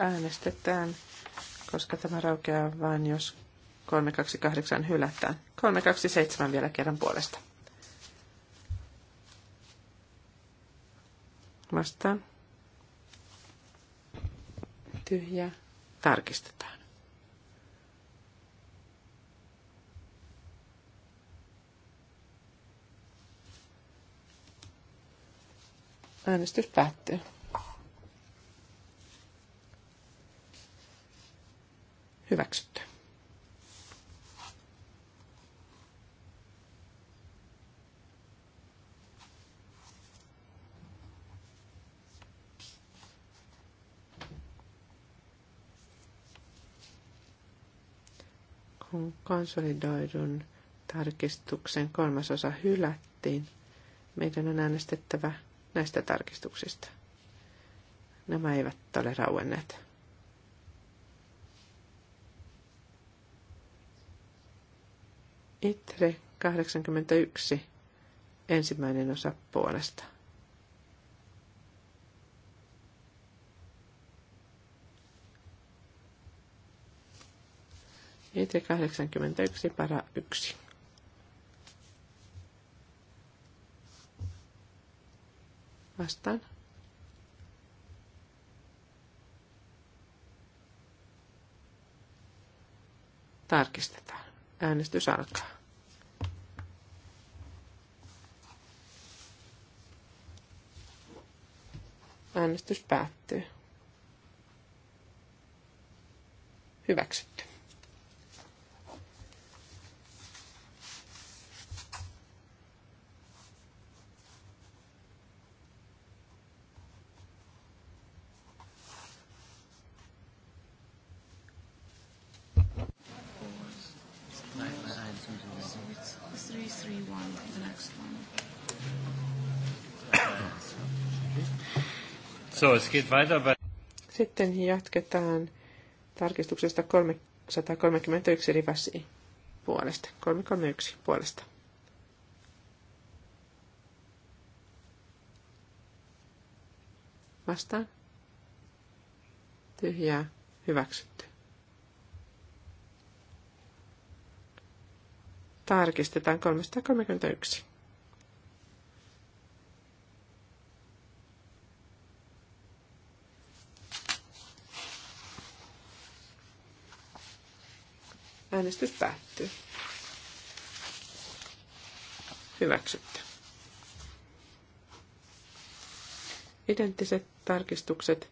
äänestetään, koska tämä raukeaa vain, jos 328 hylätään. 327 vielä kerran puolesta. Vastaan. Tyhjä. Tarkistetaan. Äänestys päättyy. hyväksytty. kun konsolidoidun tarkistuksen kolmas osa hylättiin, meidän on äänestettävä näistä tarkistuksista. Nämä eivät ole rauenneet. Itre 81, ensimmäinen osa puolesta. Itre 81, para 1. Vastaan. Tarkistetaan. Äänestys alkaa. Äänestys päättyy. Hyväksytty. So, es geht weiter bei Sitten jatketaan tarkistuksesta 331 rivasi puolesta. 331 puolesta. Vastaan. Tyhjää. Hyväksytty. tarkistetaan 331. Äänestys päättyy. Hyväksytty. Identtiset tarkistukset 331-332.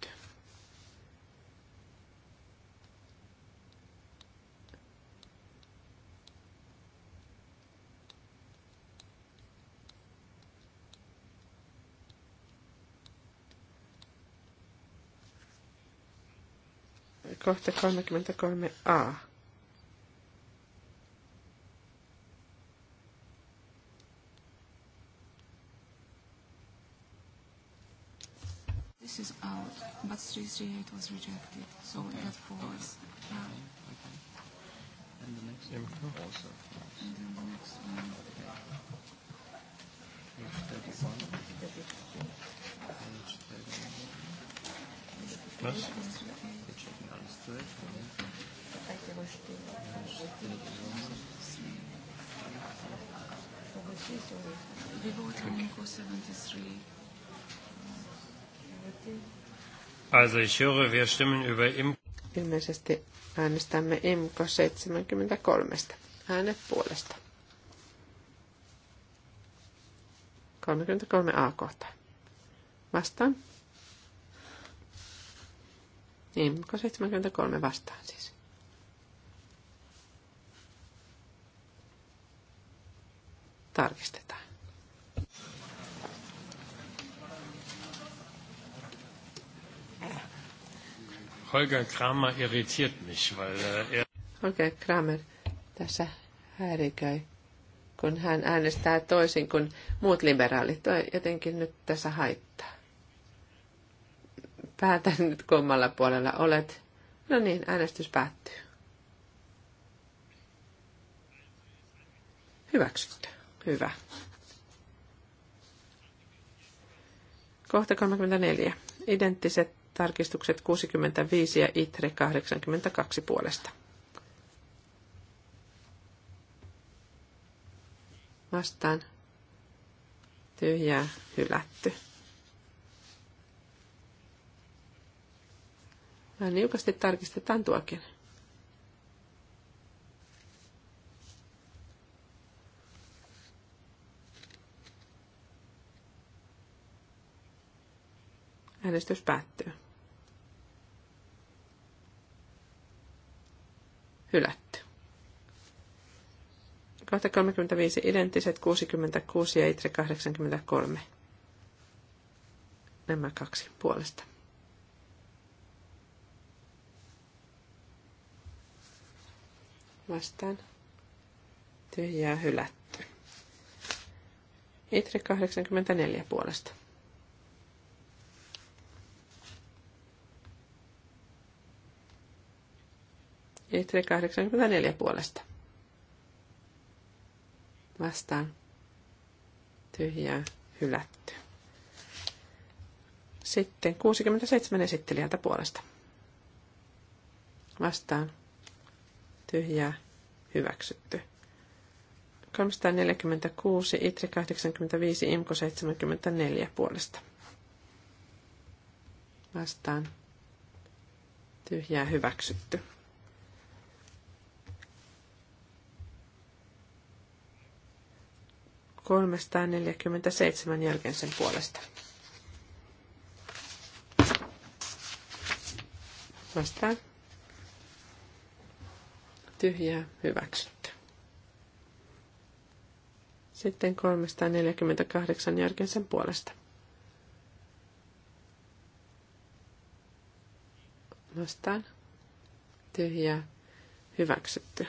kohta 33a. This is out, but 338 was rejected, so okay. that falls. And the next one also And then the next one. Page 31. Page 31. Was? Also ich höre, wir stimmen über Im Ilmeisesti äänestämme IMKO 73. Äänet puolesta. 33a kohta. Vastaan. Niin, mutta 73 vastaan siis. Tarkistetaan. Holger Kramer irritiert mich, weil äh, er... Holger Kramer tässä häiriköi, kun hän äänestää toisin kuin muut liberaalit. Toi jotenkin nyt tässä haittaa päätä nyt kummalla puolella olet. No niin, äänestys päättyy. Hyväksytty. Hyvä. Kohta 34. Identtiset tarkistukset 65 ja ITRE 82 puolesta. Vastaan. Tyhjää hylätty. Vähän niukasti tarkistetaan tuokin. Äänestys päättyy. Hylätty. Kohta 35 identtiset 66 ja itse 83. Nämä kaksi puolesta. vastaan tyhjää hylätty. itri 84 puolesta. itri 84 puolesta. Vastaan tyhjää hylätty. Sitten 67 esittelijältä puolesta. Vastaan tyhjää hyväksytty. 346, Itre 85, Imko 74 puolesta. Vastaan tyhjää hyväksytty. Kolmestaan seitsemän jälkeen sen puolesta. Vastaan tyhjää hyväksytty. Sitten 348 jälkeen sen puolesta. Vastaan tyhjää hyväksytty.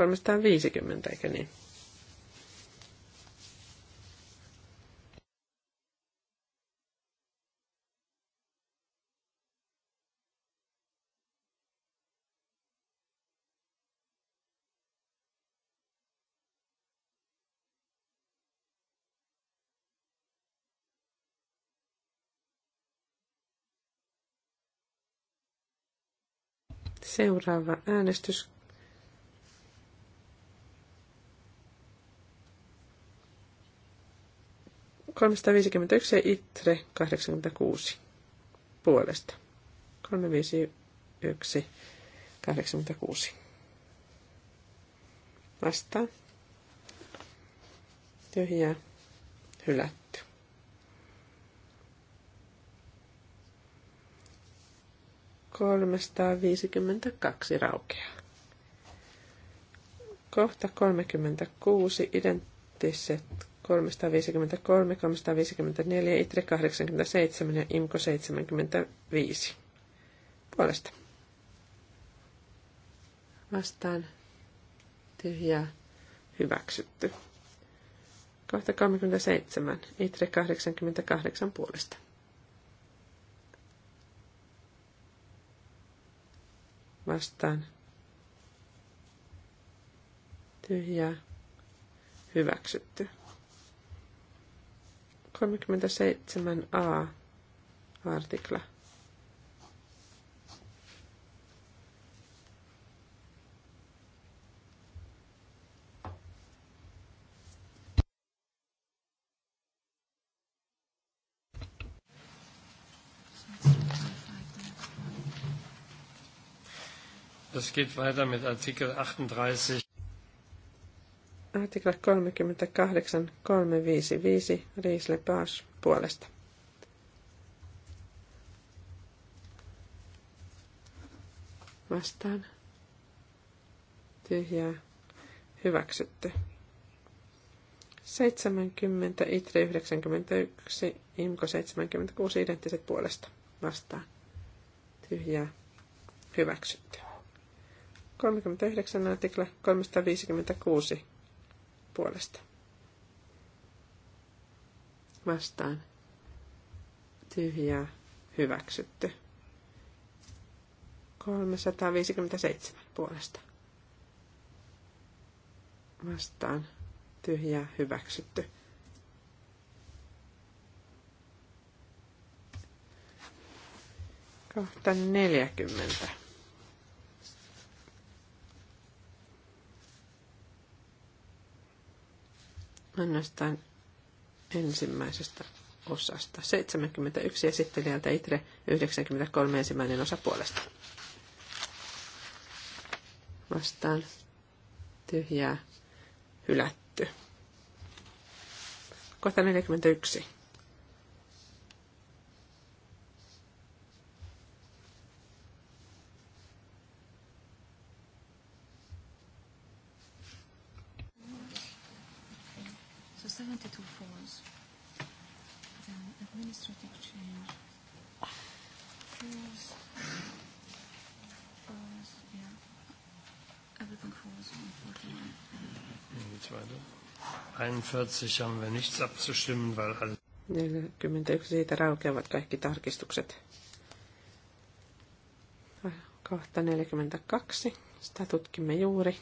350, eikö niin? Seuraava äänestys 351 ja Itre 86 puolesta. 351 86 vastaan. Tyhjää hylätty. Kolmestaan kaksi raukeaa. Kohta 36 identtiset 353, 354, ITRE 87 ja IMKO 75. Puolesta. Vastaan. Tyhjä. Hyväksytty. Kohta 37, ITRE 88 puolesta. Vastaan. Tyhjä. Hyväksytty. 37a artikla. Es geht weiter mit Artikel 38. Artikla 38355 Riisle Paas puolesta. Vastaan. Tyhjää. Hyväksytty. 70, ITRE 91, IMKO 76 identtiset puolesta. Vastaan. Tyhjää. Hyväksytty. 39 artikla 356 puolesta. Vastaan. Tyhjää. Hyväksytty. 357 puolesta. Vastaan. Tyhjää. Hyväksytty. Kohta 40 Ainoastaan ensimmäisestä osasta. 71 esittelijältä Itre 93 ensimmäinen osa puolesta. Vastaan tyhjää hylätty. Kohta 41. 41 haben wir nichts abzustimmen, weil alle 41 siitä raukeavat kaikki tarkistukset. Ah, kohta 42. Sitä tutkimme juuri.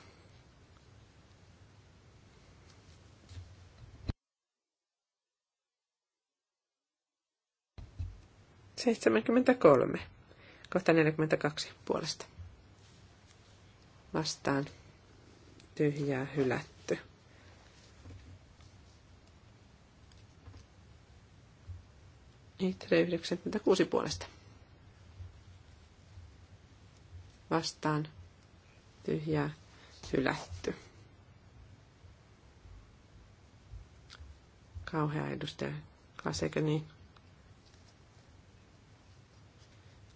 Seitsemänkymmentä kolme. Kohta neljäkymmentä kaksi puolesta. Vastaan tyhjää hylättä. Itre 96 puolesta. Vastaan tyhjää hylätty. Kauhea edustaja Klasekö niin?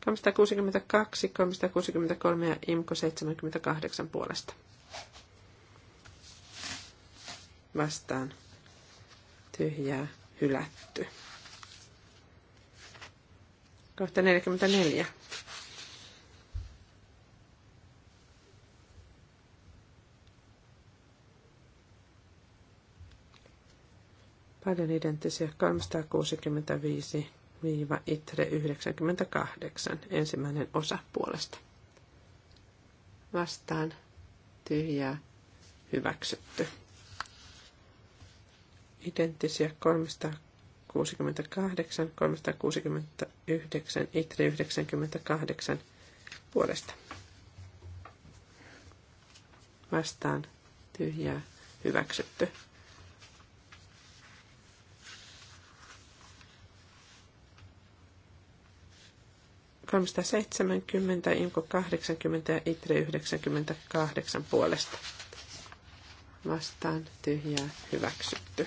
362, 363 ja IMKO 78 puolesta. Vastaan tyhjää hylätty. Kohta 44. Paljon identtisiä 365 itre 98 ensimmäinen osa puolesta. Vastaan tyhjää hyväksytty. Identtisiä 365 368, 369, ITRI 98 puolesta. Vastaan tyhjää hyväksytty. Kolmesta seitsemänkymmentä Inko 80 ja Itre 98 puolesta. Vastaan tyhjää hyväksytty.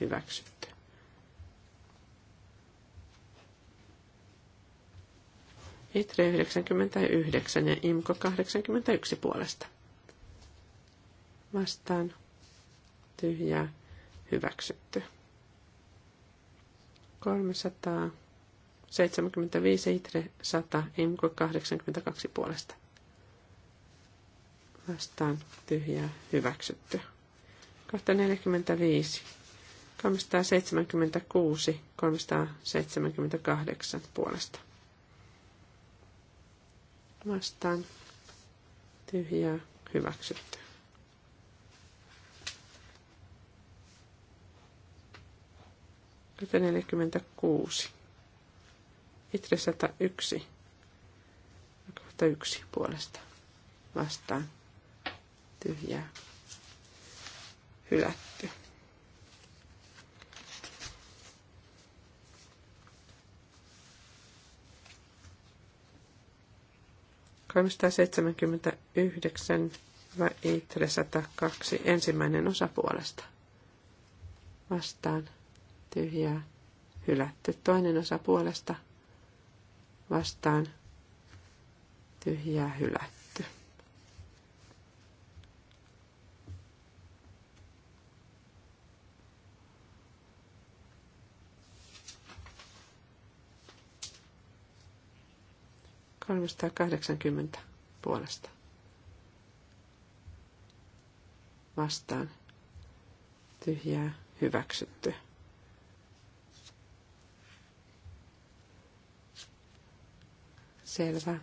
hyväksytty. Itre 99 ja Imko 81 puolesta. Vastaan tyhjää hyväksytty. 375 Itre 100 Imko 82 puolesta. Vastaan tyhjää hyväksytty. 245. 45 376, 378 puolesta. Vastaan tyhjää hyväksyttyä. Kata 46. Itre 101. Kohta yksi puolesta. Vastaan tyhjää hylätty. 379 vai ITRE 102 ensimmäinen osa puolesta. Vastaan tyhjää hylätty. Toinen osa puolesta vastaan tyhjää hylätty. 380 puolesta. Vastaan. Tyhjää hyväksytty. Selvä.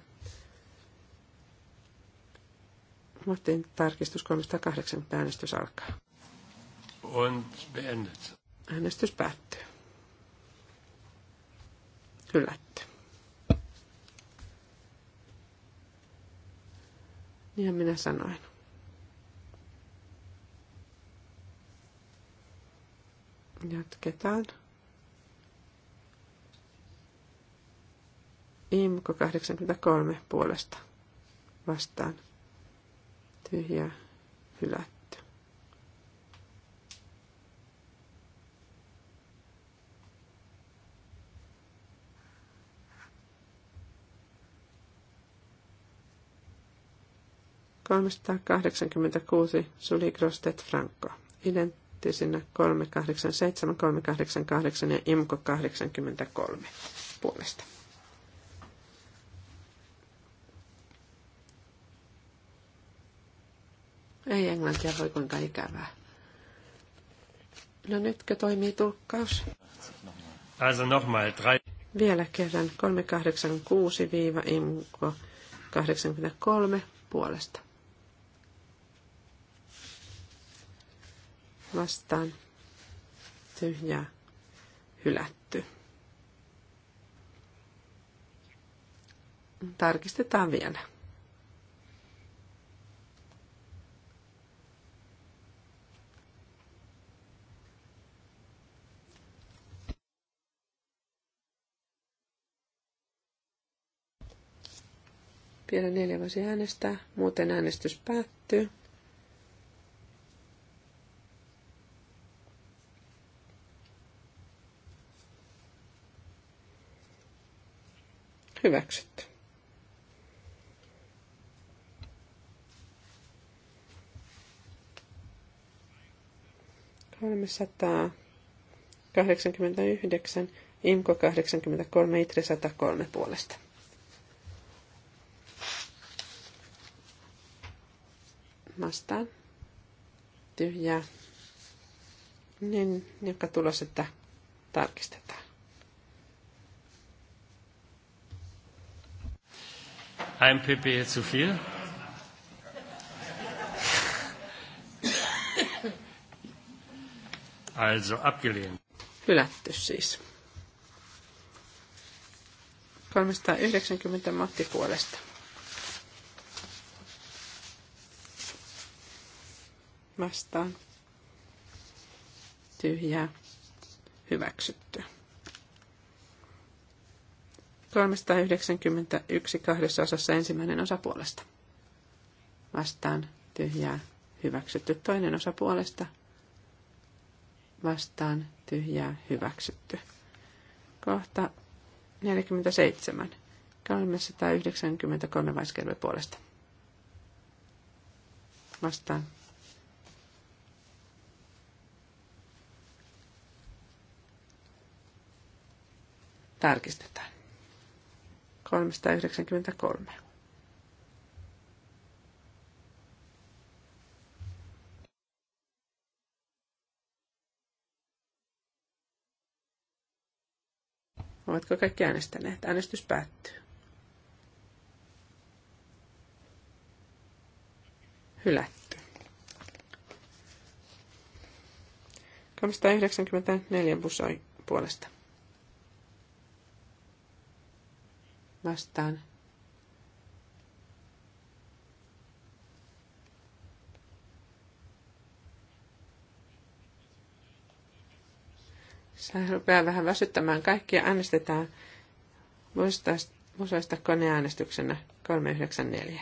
Martin tarkistus 380 äänestys alkaa. Und beendet. Äänestys päättyy. Hylätty. Niin minä sanoin. Jatketaan. Imko 83 puolesta vastaan. Tyhjä hylät. 386 Suli Grostet Franco. Identtisinä 387, 388 ja Imko 83 puolesta. Ei englantia voi kuinka ikävää. No nytkö toimii tulkkaus? Also nochmal, drei. Vielä kerran 386-imko 83 puolesta. vastaan tyhjä hylätty. Tarkistetaan vielä. Vielä neljä voisi äänestää, muuten äänestys päättyy. hyväksytty. Kolmesataa. 89, IMKO 83, Itri 103 puolesta. Vastaan. Tyhjää. Niin, joka tulos, että tarkistetaan. Ein PP zu viel. Also abgelehnt. Hylätty siis. 390 Matti puolesta. Vastaan. Tyhjää. Hyväksyttyä. 391 kahdessa osassa ensimmäinen osa puolesta. Vastaan tyhjää hyväksytty. Toinen osa puolesta. Vastaan tyhjää hyväksytty. Kohta 47. 393 vaiskelve puolesta. Vastaan. Tarkistetaan. 1393. Ovatko kaikki äänestäneet? Äänestys päättyy. Hylätty. 394 bussoi puolesta. vastaan. Sä rupeaa vähän väsyttämään kaikkia. Äänestetään musoista koneäänestyksenä 394.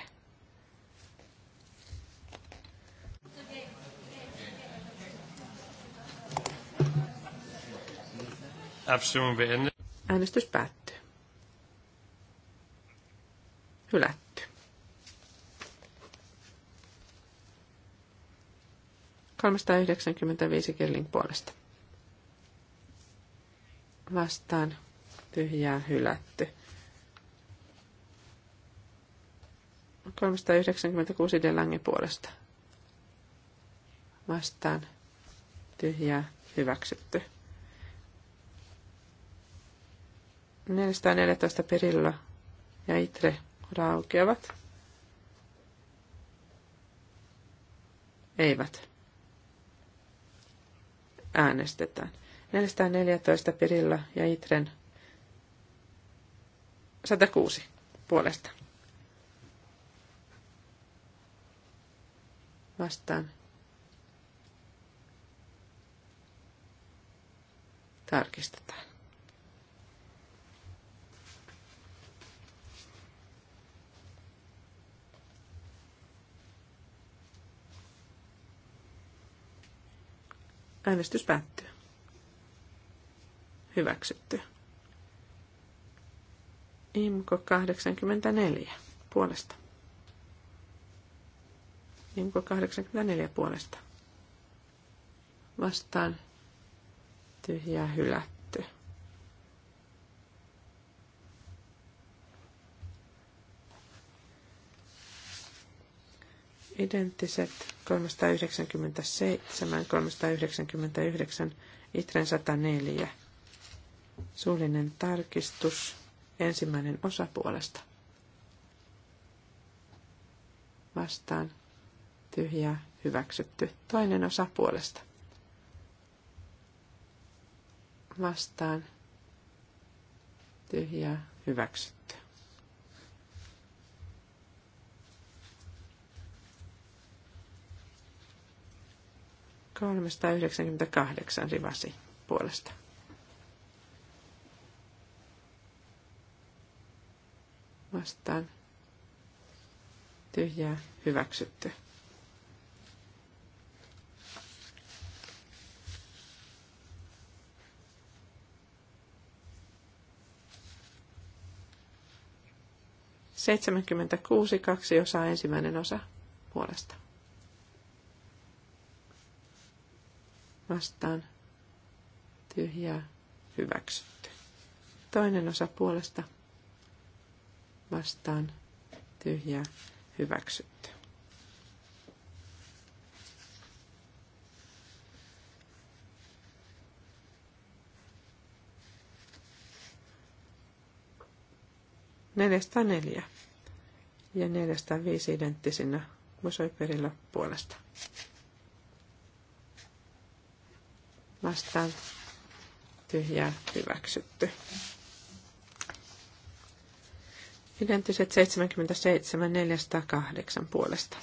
Äänestys päättyy. Hylätty. 395 kirlin puolesta. Vastaan tyhjää hylätty. 396 Delange puolesta. Vastaan tyhjää hyväksytty. 414 Perillo ja Itre raukeavat. Eivät. Äänestetään. 414 Pirilla ja Itren 106 puolesta. Vastaan. Tarkistetaan. Äänestys päättyy. Hyväksytty. Imko 84 puolesta. Imko 84 puolesta. Vastaan tyhjää hylät. Identtiset 397, 399, Itren 104. Suullinen tarkistus ensimmäinen osa puolesta. Vastaan tyhjä hyväksytty toinen osa puolesta. Vastaan tyhjä hyväksytty. 398 rivasi puolesta. Vastaan. Tyhjää hyväksytty. Seitsemänkymmentäkuusi kaksi osaa ensimmäinen osa puolesta vastaan tyhjää hyväksytty. Toinen osa puolesta vastaan tyhjää hyväksytty. Neljästä neljä ja neljästä viisi identtisinä musoiperillä puolesta. vastaan tyhjää hyväksytty. Identtiset 77 408 puolesta.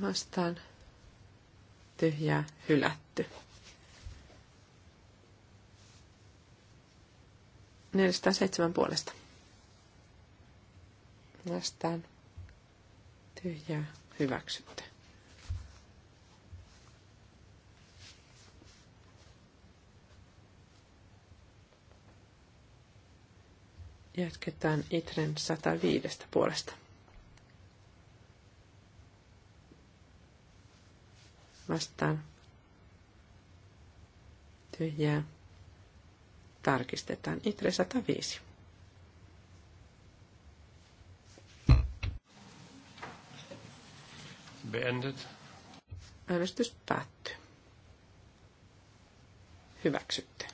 Vastaan tyhjää hylätty. 407 puolesta. Vastaan tyhjää hyväksytty. Jatketaan Itren 105 puolesta. Vastaan. Tyhjää. Tarkistetaan Itre 105. Beendet. Äänestys päättyy. Hyväksytty.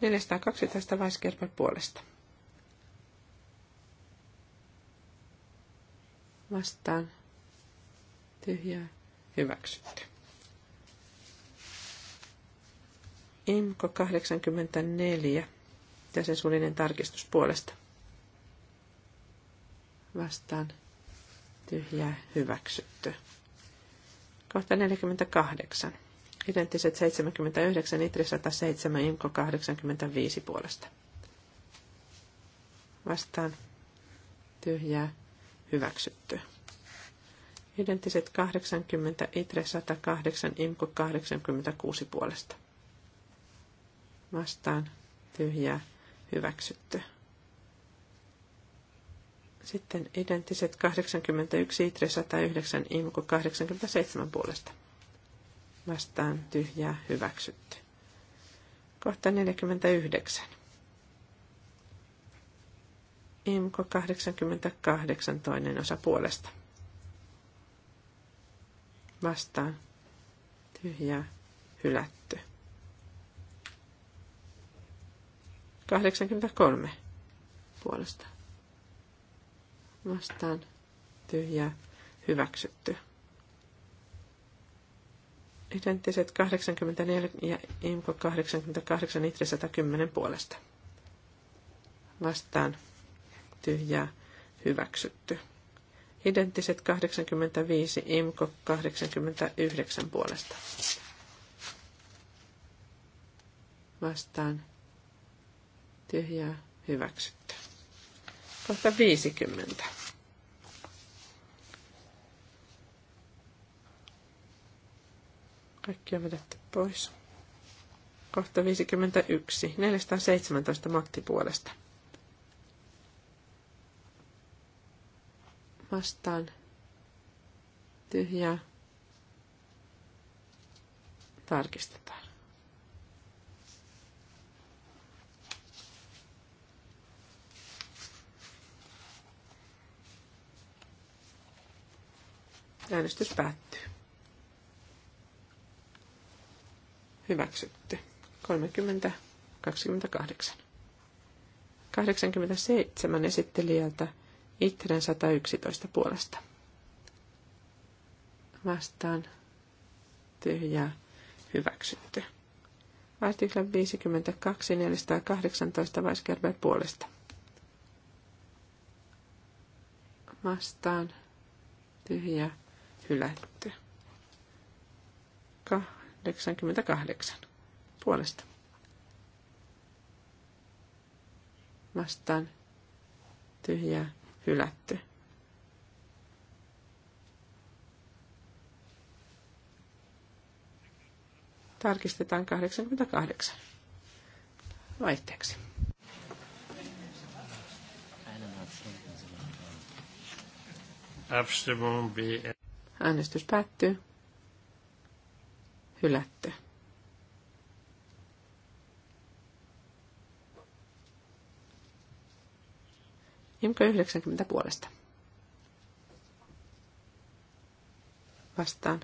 412 Weisgerber puolesta. Vastaan. Tyhjää. Hyväksytty. Imko 84 Täsen sen suullinen tarkistus puolesta. Vastaan. Tyhjää. Hyväksytty. Kohta 48. Identtiset 79, Itri 107, Imko 85 puolesta. Vastaan tyhjää hyväksytty. Identtiset 80, Itre 108, Imko 86 puolesta. Vastaan tyhjää hyväksytty. Sitten identtiset 81, Itre 109, Imko 87 puolesta vastaan tyhjää hyväksytty. Kohta 49. Imko 88 toinen osa puolesta. Vastaan tyhjää hylätty. 83 puolesta. Vastaan tyhjää hyväksytty. Identtiset 84 ja Impo 88 Nitri 110 puolesta. Vastaan tyhjää hyväksytty. Identtiset 85 Imko 89 puolesta. Vastaan tyhjää hyväksytty. Kohta 50. Kaikki on vedetty pois. Kohta 51. 417 Matti puolesta. Vastaan. Tyhjää. Tarkistetaan. Äänestys päättyy. Hyväksytty. 30, 28. 87 esittelijältä Itren 111 puolesta. Vastaan tyhjää hyväksytty. Artikla 52 418 Weisgerber puolesta. Vastaan tyhjä hylätty. Ka- 88 puolesta. Vastaan tyhjää hylätty. Tarkistetaan 88 vaihteeksi. Äänestys päättyy hylätty. Imkö 90 puolesta. Vastaan.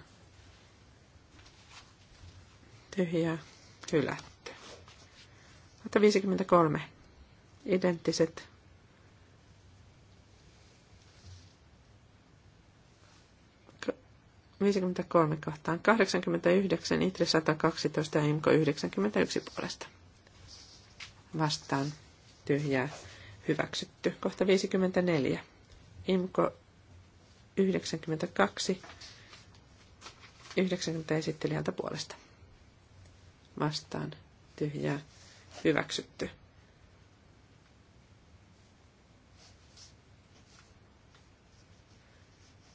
Tyhjää, hylätty. 153. Identtiset 53 kohtaan 89, Itri 112 ja Imko 91 puolesta. Vastaan tyhjää hyväksytty. Kohta 54. Imko 92, 90 esittelijältä puolesta. Vastaan tyhjää hyväksytty.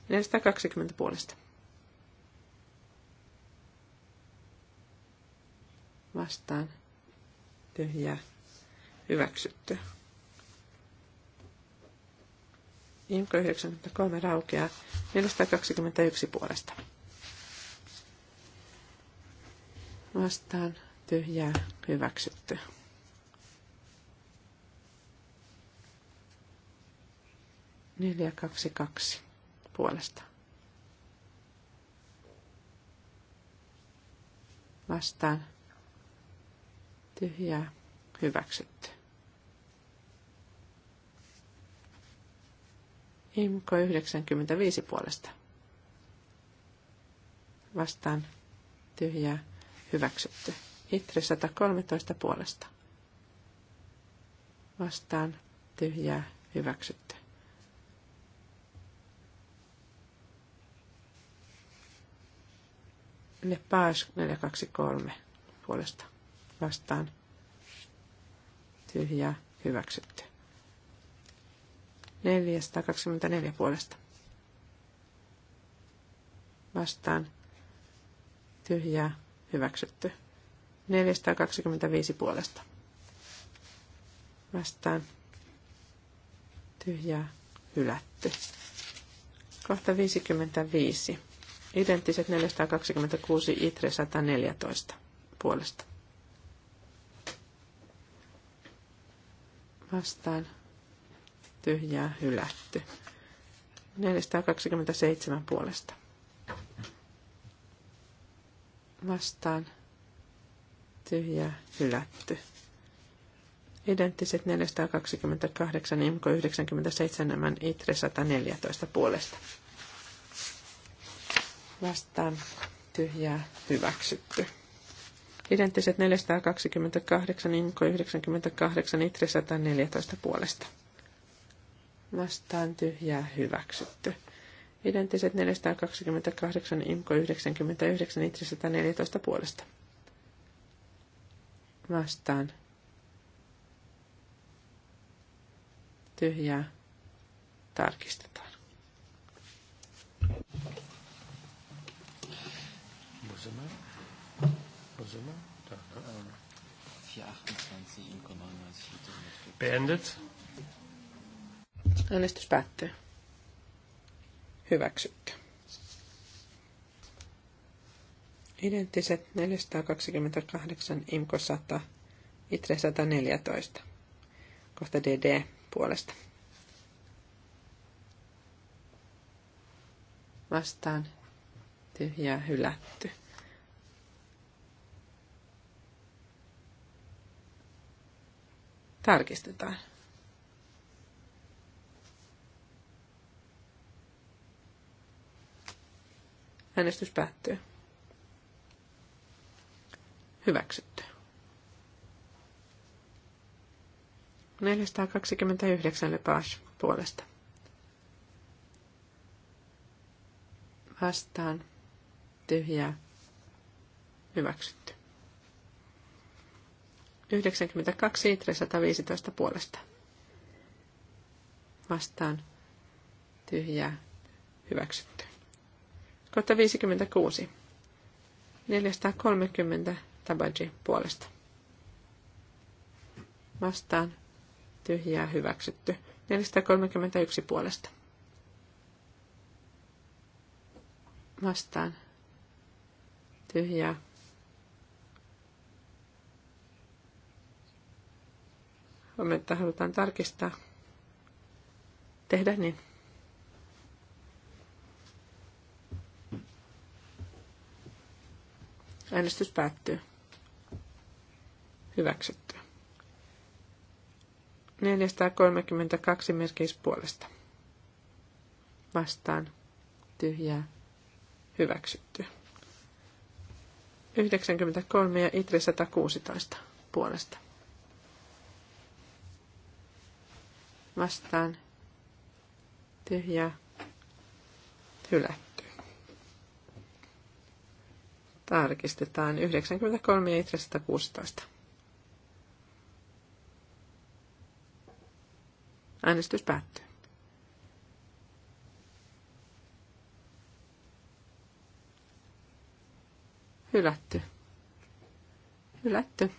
Neljästä kaksikymmentä puolesta. vastaan tyhjää hyväksytty. Inko 93 raukeaa 421 puolesta. Vastaan tyhjää hyväksytty. Neljä kaksi kaksi puolesta. Vastaan tyhjää hyväksytty. Imko 95 puolesta. Vastaan tyhjää hyväksytty. Itre 113 puolesta. Vastaan tyhjää hyväksytty. Lepage 423 puolesta vastaan tyhjää hyväksytty. 424 puolesta vastaan tyhjää hyväksytty. 425 puolesta vastaan tyhjää hylätty. Kohta 55. Identtiset 426 itre 114 puolesta vastaan tyhjää hylätty. 427 puolesta. Vastaan tyhjää hylätty. Identtiset 428, IMKO 97, ITRE 114 puolesta. Vastaan tyhjää hyväksytty. Identtiset 428, niin 98, niin 314 puolesta. Vastaan tyhjää hyväksytty. Identtiset 428, Imko 99, niin 314 puolesta. Vastaan tyhjää tarkistetaan. Beendet. Äänestys päättyy. Hyväksytty. Identtiset 428, IMKO 100, ITRE 114. Kohta DD puolesta. Vastaan tyhjää hylätty. Tarkistetaan. Äänestys päättyy. Hyväksytty. 429 Lepage puolesta. Vastaan. Tyhjää. Hyväksytty. 92, 315 puolesta. Vastaan tyhjää hyväksytty. Kohta 56. 430 tabaji puolesta. Vastaan tyhjää hyväksytty. 431 puolesta. Vastaan tyhjää huomenta halutaan tarkistaa, tehdä niin. Äänestys päättyy. Hyväksytty. 432 puolesta Vastaan. Tyhjää. Hyväksytty. 93 ja Itri 116 puolesta vastaan tyhjä hylätty. Tarkistetaan 93 ja 116. Äänestys päättyy. Hylätty. Hylätty.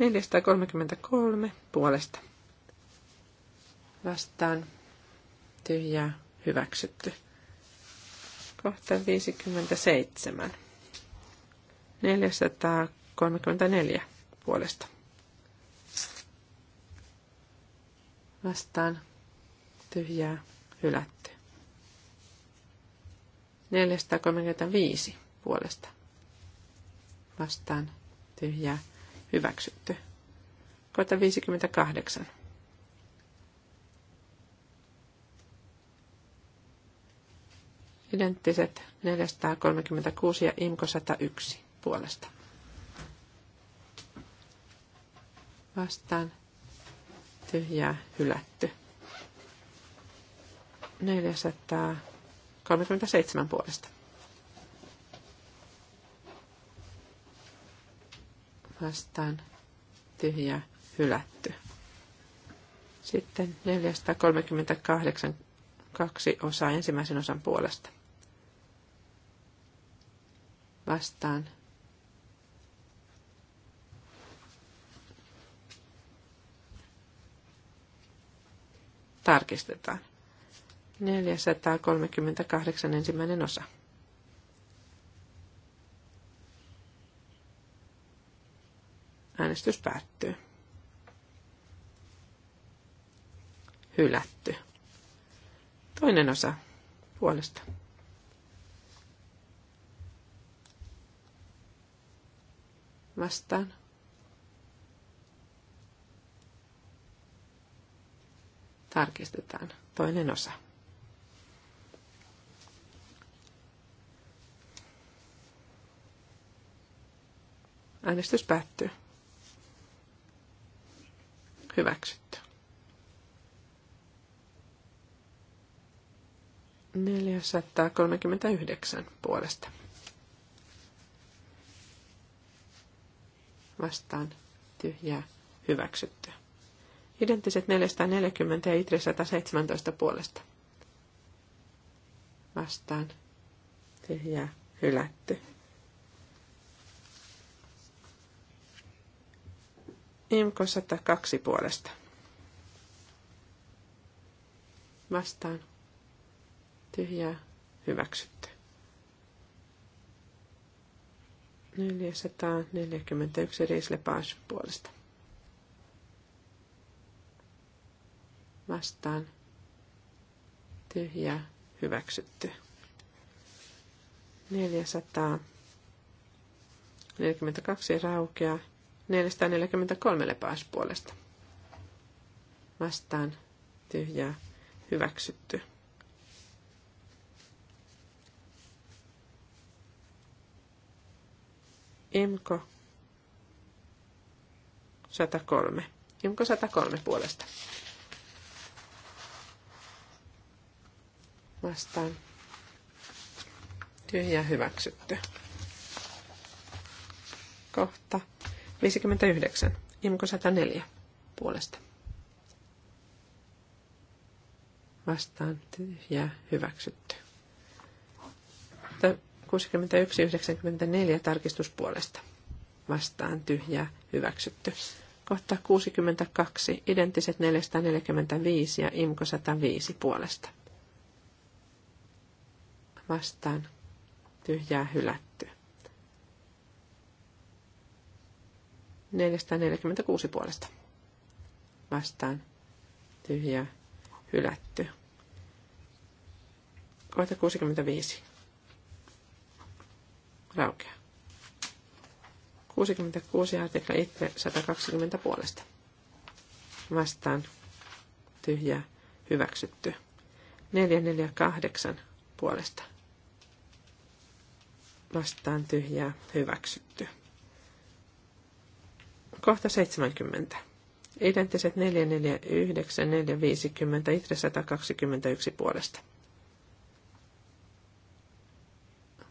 433 puolesta vastaan tyhjää hyväksytty. Kohta 57. 434 puolesta. Vastaan tyhjää hylätty. 435 puolesta. Vastaan tyhjää hyväksytty. Kohta 58 Identtiset 436 ja IMKO 101 puolesta. Vastaan tyhjää hylätty. 437 puolesta. Vastaan tyhjää hylätty. Sitten 438 kaksi osaa ensimmäisen osan puolesta vastaan. Tarkistetaan. 438 ensimmäinen osa. Äänestys päättyy. Hylätty. Toinen osa puolesta. vastaan. Tarkistetaan toinen osa. Äänestys päättyy. Hyväksytty. 439 puolesta. vastaan tyhjää hyväksytty. Identtiset 440 ja ITRE 117 puolesta. Vastaan tyhjää hylätty. Imko 102 puolesta. Vastaan tyhjää hyväksytty. 441 Riislepaas puolesta. Vastaan. Tyhjä. Hyväksytty. 442 raukeaa. 443 lepaas puolesta. Vastaan. Tyhjää. Hyväksytty. Imko 103. Imko 103 puolesta. Vastaan. Tyhjä hyväksytty. Kohta 59. Imko 104 puolesta. Vastaan tyhjä hyväksytty. 61-94 tarkistuspuolesta. Vastaan tyhjää hyväksytty. Kohta 62, identtiset 445 ja IMKO 105 puolesta. Vastaan tyhjää hylätty. 446 puolesta. Vastaan tyhjää hylätty. Kohta 65 raukeaa. 66 artikla itse 120 puolesta. Vastaan tyhjää hyväksytty. 448 puolesta. Vastaan tyhjää hyväksytty. Kohta 70. Identtiset 449, 450, itse 121 puolesta.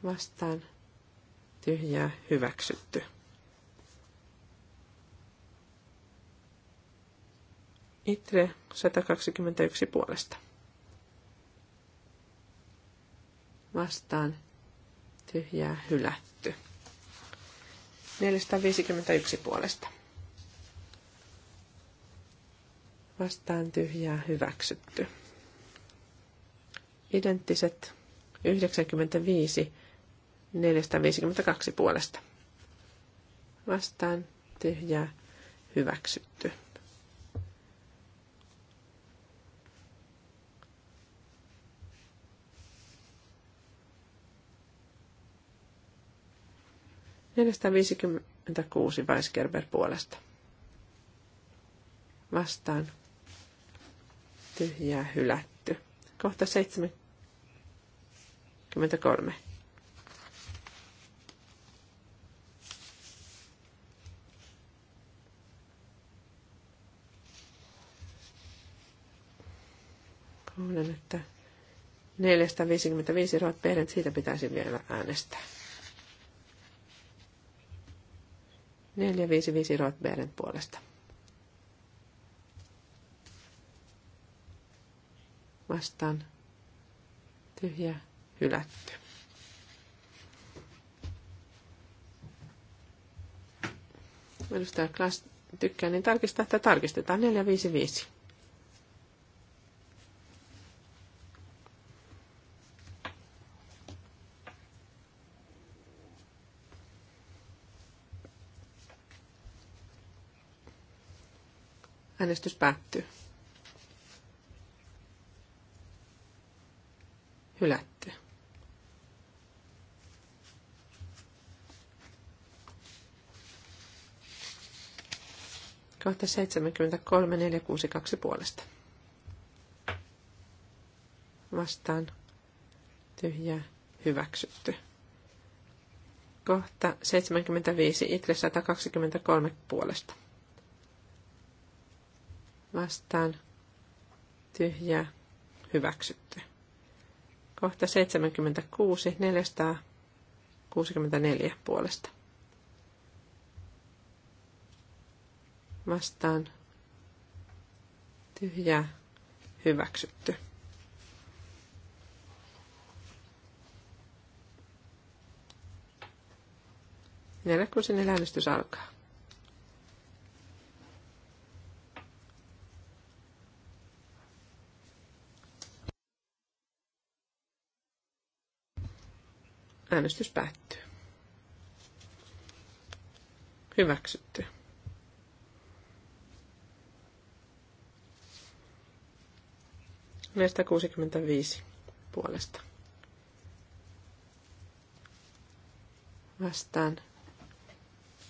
Vastaan tyhjää hyväksytty. Itre 121 puolesta. Vastaan tyhjää hylätty. 451 puolesta. Vastaan tyhjää hyväksytty. Identtiset 95 452 puolesta. Vastaan tyhjää hyväksytty. Neljästä viisikymmentäkuusi Weisgerber puolesta. Vastaan tyhjää hylätty. Kohta 73. Tiedän, että 455 Rod perheet, siitä pitäisi vielä äänestää. 455 Rod perheet puolesta. Vastaan. Tyhjä. Hylätty. Edustaja Klaas tykkää, niin tarkistaa, että tarkistetaan 455. Äänestys päättyy. Hylätty. Kohta 73, 462 puolesta. Vastaan Tyhjä. hyväksytty. Kohta 75, Itre 123 puolesta vastaan tyhjä hyväksytty. Kohta 76 464 puolesta. Vastaan tyhjä hyväksytty. Neljä kuusi äänestys alkaa. Äänestys päättyy. Hyväksytty. Meistä 65 puolesta. Vastaan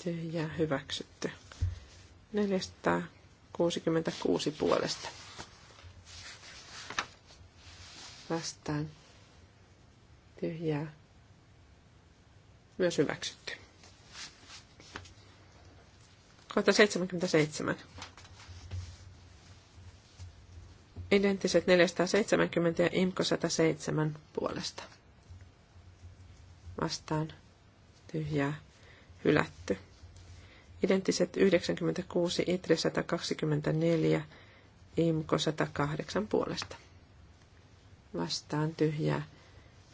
tyhjää hyväksytty. 466 puolesta. Vastaan tyhjää myös hyväksytty. Kohta 77. Identtiset 470 ja IMKO 107 puolesta. Vastaan tyhjää hylätty. Identtiset 96, ITRE 124, IMKO 108 puolesta. Vastaan tyhjää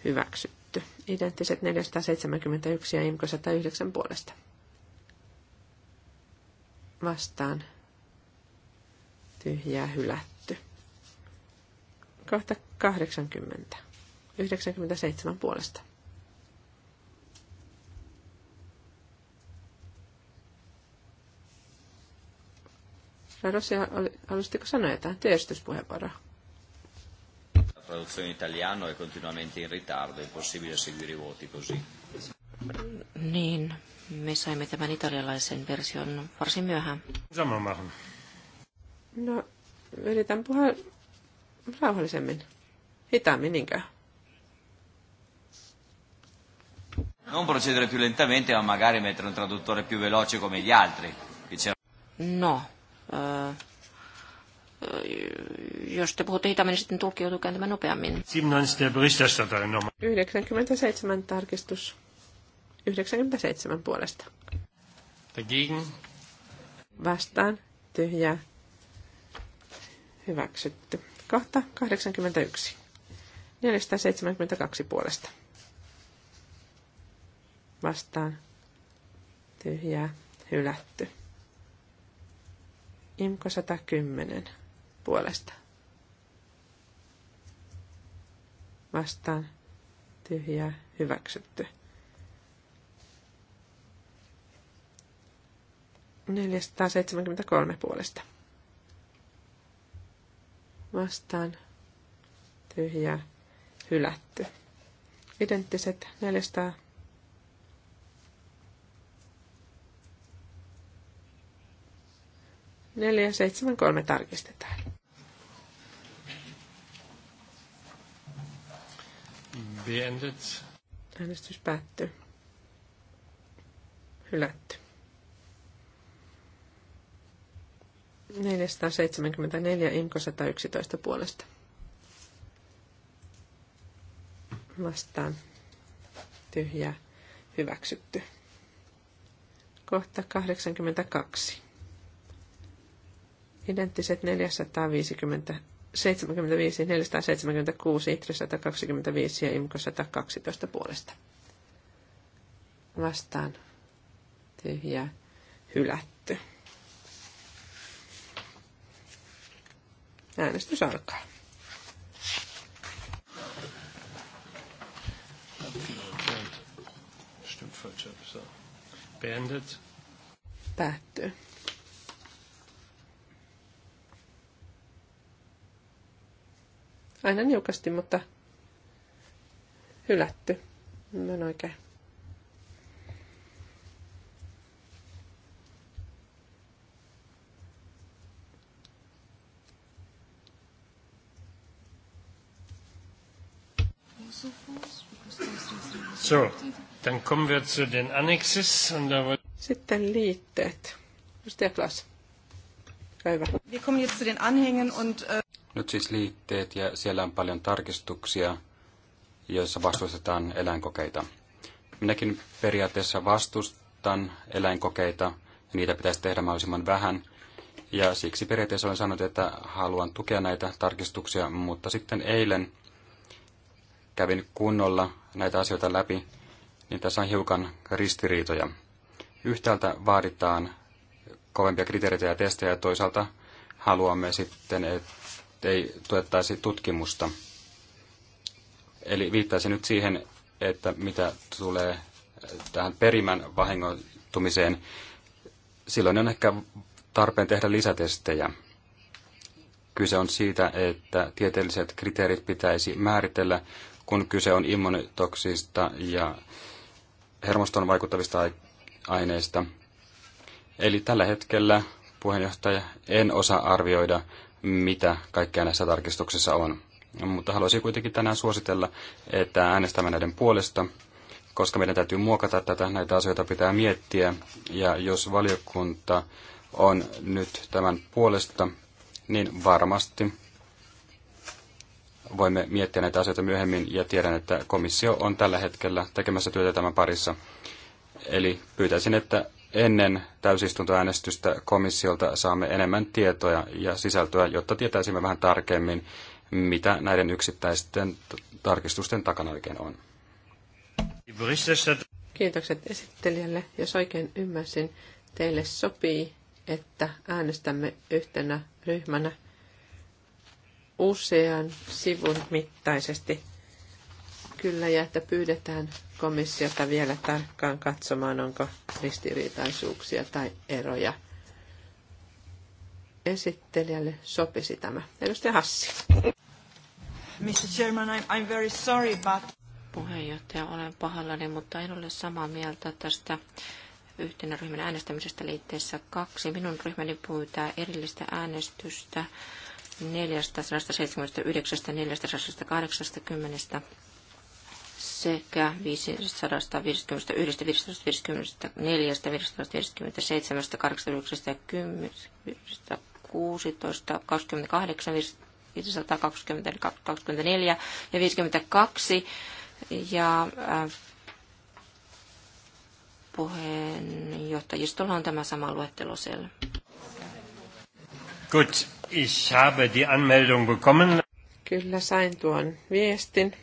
hyväksytty hylätty. Identtiset 471 ja IMKO 109 puolesta. Vastaan. Tyhjää hylätty. Kohta 80. 97 puolesta. Rosia, alustiko sanoa jotain työjärjestyspuheenvuoroa? traduzione in italiano è continuamente in ritardo, è impossibile seguire i voti così. Niin, me saimme tämän italialaisen version varsin myöhään. Saman maahan. No, yritän puhua rauhallisemmin. Hitaammin, niinkö? Non procedere più lentamente, ma magari mettere un traduttore più veloce come gli altri. No, äh, jos te puhutte hitaammin, niin sitten tulkki joutuu kääntämään nopeammin. 97 tarkistus. 97 puolesta. Dagegen. Vastaan. Tyhjää. Hyväksytty. Kohta 81. 472 puolesta. Vastaan. Tyhjää. Hylätty. Imko 110 puolesta. Vastaan tyhjää hyväksytty. 473 puolesta. Vastaan tyhjää hylätty. Identtiset 400 kolme tarkistetaan. be ended. Äänestys päättyy. Hylätty. 474 Inko 111 puolesta. Vastaan tyhjää hyväksytty. Kohta 82. Identtiset 450 75, 476, Itri 125 ja IMKO 112 puolesta. Vastaan tyhjä hylätty. Äänestys alkaa. Päättyy. aina niukasti, mutta hylätty. Mä en oikein. So, dann kommen wir zu den Annexes. Und da Sitten liitteet. Edustaja Klaas. Hyvä. Wir kommen jetzt zu den Anhängen und... Äh nyt siis liitteet ja siellä on paljon tarkistuksia, joissa vastustetaan eläinkokeita. Minäkin periaatteessa vastustan eläinkokeita ja niitä pitäisi tehdä mahdollisimman vähän. Ja siksi periaatteessa olen sanonut, että haluan tukea näitä tarkistuksia, mutta sitten eilen kävin kunnolla näitä asioita läpi, niin tässä on hiukan ristiriitoja. Yhtäältä vaaditaan kovempia kriteereitä ja testejä ja toisaalta haluamme sitten, että ei tuettaisi tutkimusta. Eli viittaisi nyt siihen, että mitä tulee tähän perimän vahingoittumiseen, silloin on ehkä tarpeen tehdä lisätestejä. Kyse on siitä, että tieteelliset kriteerit pitäisi määritellä, kun kyse on immunitoksista ja hermoston vaikuttavista aineista. Eli tällä hetkellä, puheenjohtaja, en osaa arvioida, mitä kaikkea näissä tarkistuksissa on. Mutta haluaisin kuitenkin tänään suositella, että äänestämme näiden puolesta, koska meidän täytyy muokata tätä, näitä asioita pitää miettiä, ja jos valiokunta on nyt tämän puolesta, niin varmasti voimme miettiä näitä asioita myöhemmin, ja tiedän, että komissio on tällä hetkellä tekemässä työtä tämän parissa. Eli pyytäisin, että ennen täysistuntoäänestystä komissiolta saamme enemmän tietoja ja sisältöä, jotta tietäisimme vähän tarkemmin, mitä näiden yksittäisten tarkistusten takana oikein on. Kiitokset esittelijälle. Jos oikein ymmärsin, teille sopii, että äänestämme yhtenä ryhmänä usean sivun mittaisesti – kyllä ja että pyydetään komissiota vielä tarkkaan katsomaan, onko ristiriitaisuuksia tai eroja. Esittelijälle sopisi tämä. Edustaja Hassi. Mr. Chairman, I'm, I'm very sorry, but... Puheenjohtaja, olen pahallani, mutta en ole samaa mieltä tästä yhtenä ryhmän äänestämisestä liitteessä kaksi. Minun ryhmäni pyytää erillistä äänestystä 479, 480 sekä 551, 554, 557, 809 ja 10, 16, 28, ja 52. Äh, ja puheenjohtajistolla on tämä sama luettelo siellä. ich habe die Anmeldung bekommen. Kyllä sain tuon viestin.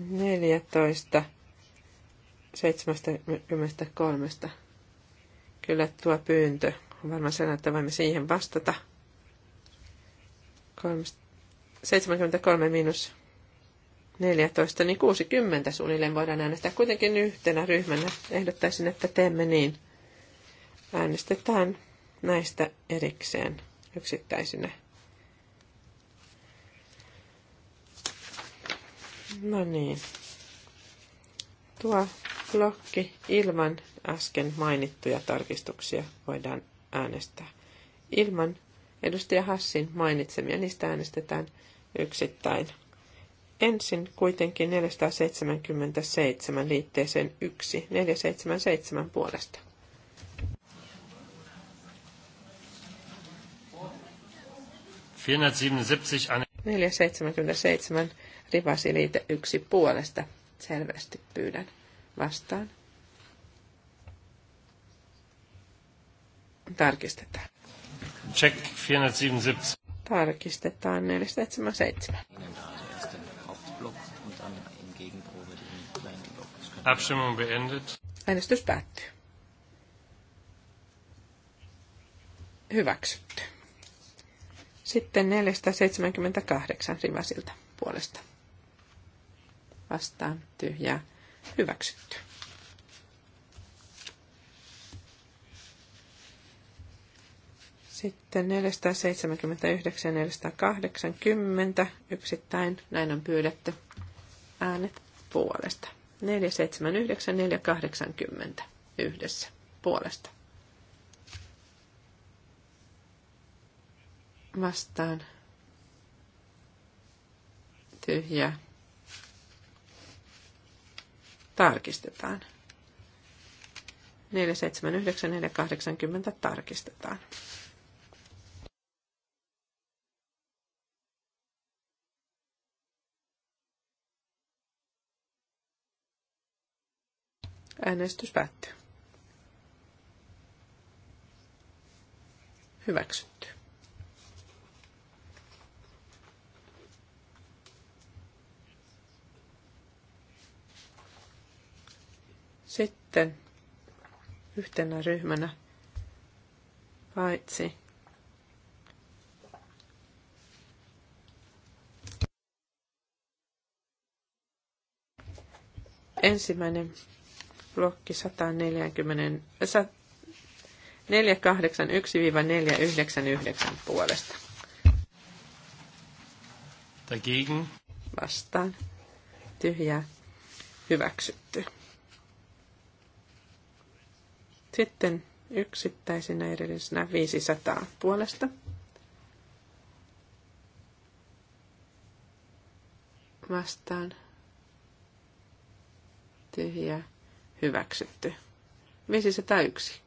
14 73. Kyllä tuo pyyntö on varmaan sen, että voimme siihen vastata. 73 miinus 14, niin 60 suunnilleen voidaan äänestää kuitenkin yhtenä ryhmänä. Ehdottaisin, että teemme niin. Äänestetään näistä erikseen yksittäisinä No niin. Tuo blokki ilman äsken mainittuja tarkistuksia voidaan äänestää. Ilman edustaja Hassin mainitsemia niistä äänestetään yksittäin. Ensin kuitenkin 477 liitteeseen 1, 477 puolesta. an 477 Rivasi liite yksi puolesta. Selvästi pyydän vastaan. Tarkistetaan. Check 477. Tarkistetaan 477. Abstimmung beendet. Äänestys päättyy. Hyväksytty. Sitten 478 Rivasilta puolesta vastaan tyhjää hyväksytty. Sitten 479 480 yksittäin, näin on pyydetty äänet puolesta. 479 480 yhdessä puolesta. Vastaan tyhjää tarkistetaan. 479 480 tarkistetaan. Äänestys päättyy. Hyväksytty. Sitten yhtenä ryhmänä paitsi ensimmäinen blokki 140, 499 puolesta. Dagegen. Vastaan. Tyhjää. Hyväksytty. Sitten yksittäisinä erillisinä 500 puolesta. Vastaan tyhjä hyväksytty. 501.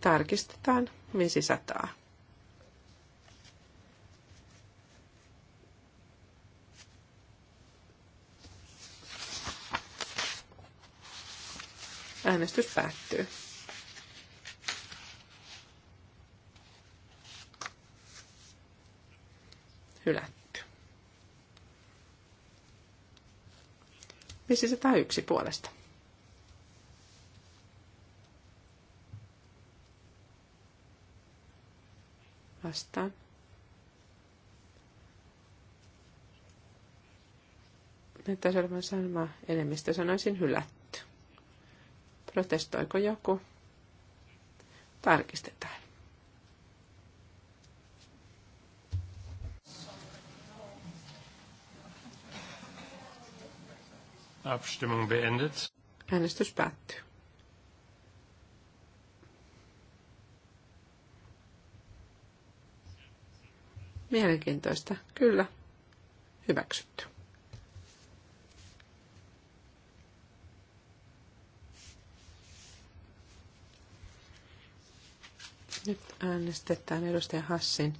Tarkistetaan 500. Äänestys päättyy. Hylätty. 501 puolesta. Vastaan. Näyttäisi olevan sama enemmistö, sanoisin hylätty. Protestoiko joku? Tarkistetaan. Abstimmung beendet. Äänestys päättyy. Mielenkiintoista, kyllä. Hyväksytty. Nyt äänestetään edustaja Hassin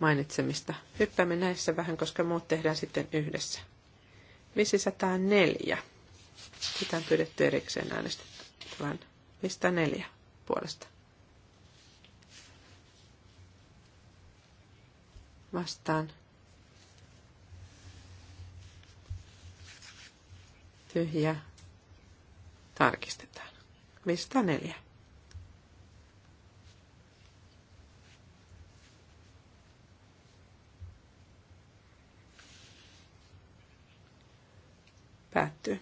mainitsemista. Hyppäämme näissä vähän, koska muut tehdään sitten yhdessä. 504. Sitä on pyydetty erikseen äänestettävän. 504 puolesta. Vastaan. Tyhjä. Tarkistetaan. 504. Päättyy.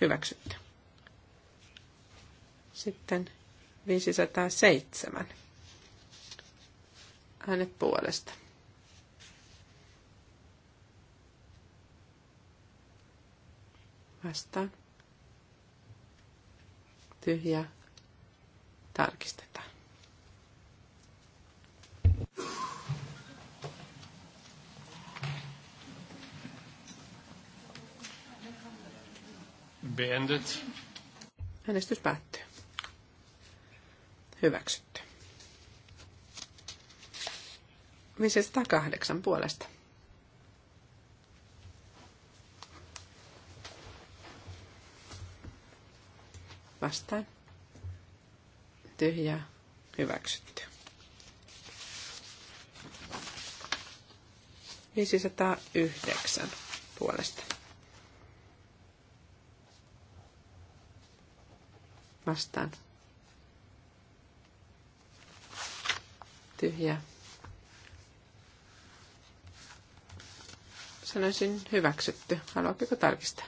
Hyväksytty. Sitten 507. Hänet puolesta. Vastaan. Tyhjä. Tarkistetaan. beendet. Äänestys päättyy. Hyväksytty. 508 puolesta. Vastaan. Tyhjää. Hyväksytty. 509 puolesta. vastaan. Tyhjää. Sanoisin hyväksytty. Haluatteko tarkistaa?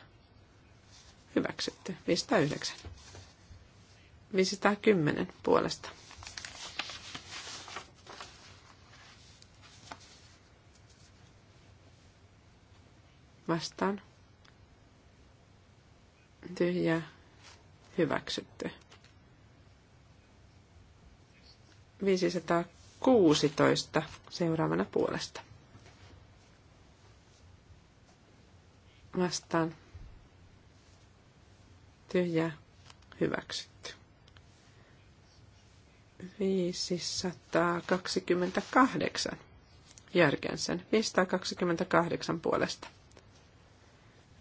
Hyväksytty. 509. 510 puolesta. Vastaan. Tyhjää hyväksytty. 516 seuraavana puolesta. Vastaan Tyhjä hyväksytty. 528 Jörgensen. 528 puolesta.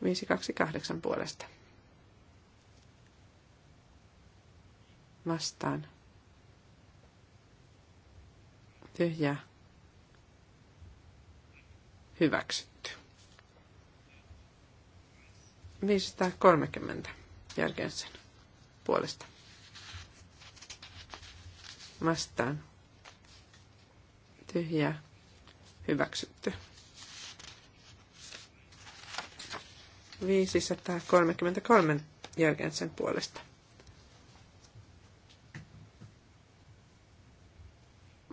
528 puolesta vastaan. tyhjä Hyväksytty. 530 Jörgensen puolesta. Vastaan. tyhjä Hyväksytty. 533 Jörgensen puolesta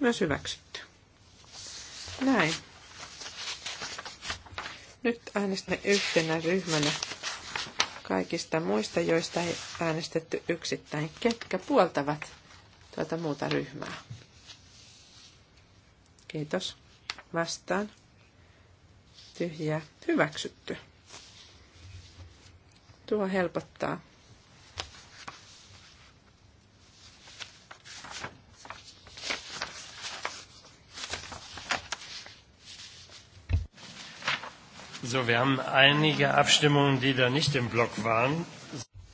Myös hyväksytty. Näin. Nyt äänestämme yhtenä ryhmänä kaikista muista, joista ei äänestetty yksittäin. Ketkä puoltavat tuota muuta ryhmää? Kiitos. Vastaan. Tyhjää. Hyväksytty. Tuo helpottaa So, wir haben einige Abstimmungen, die da nicht im Block waren.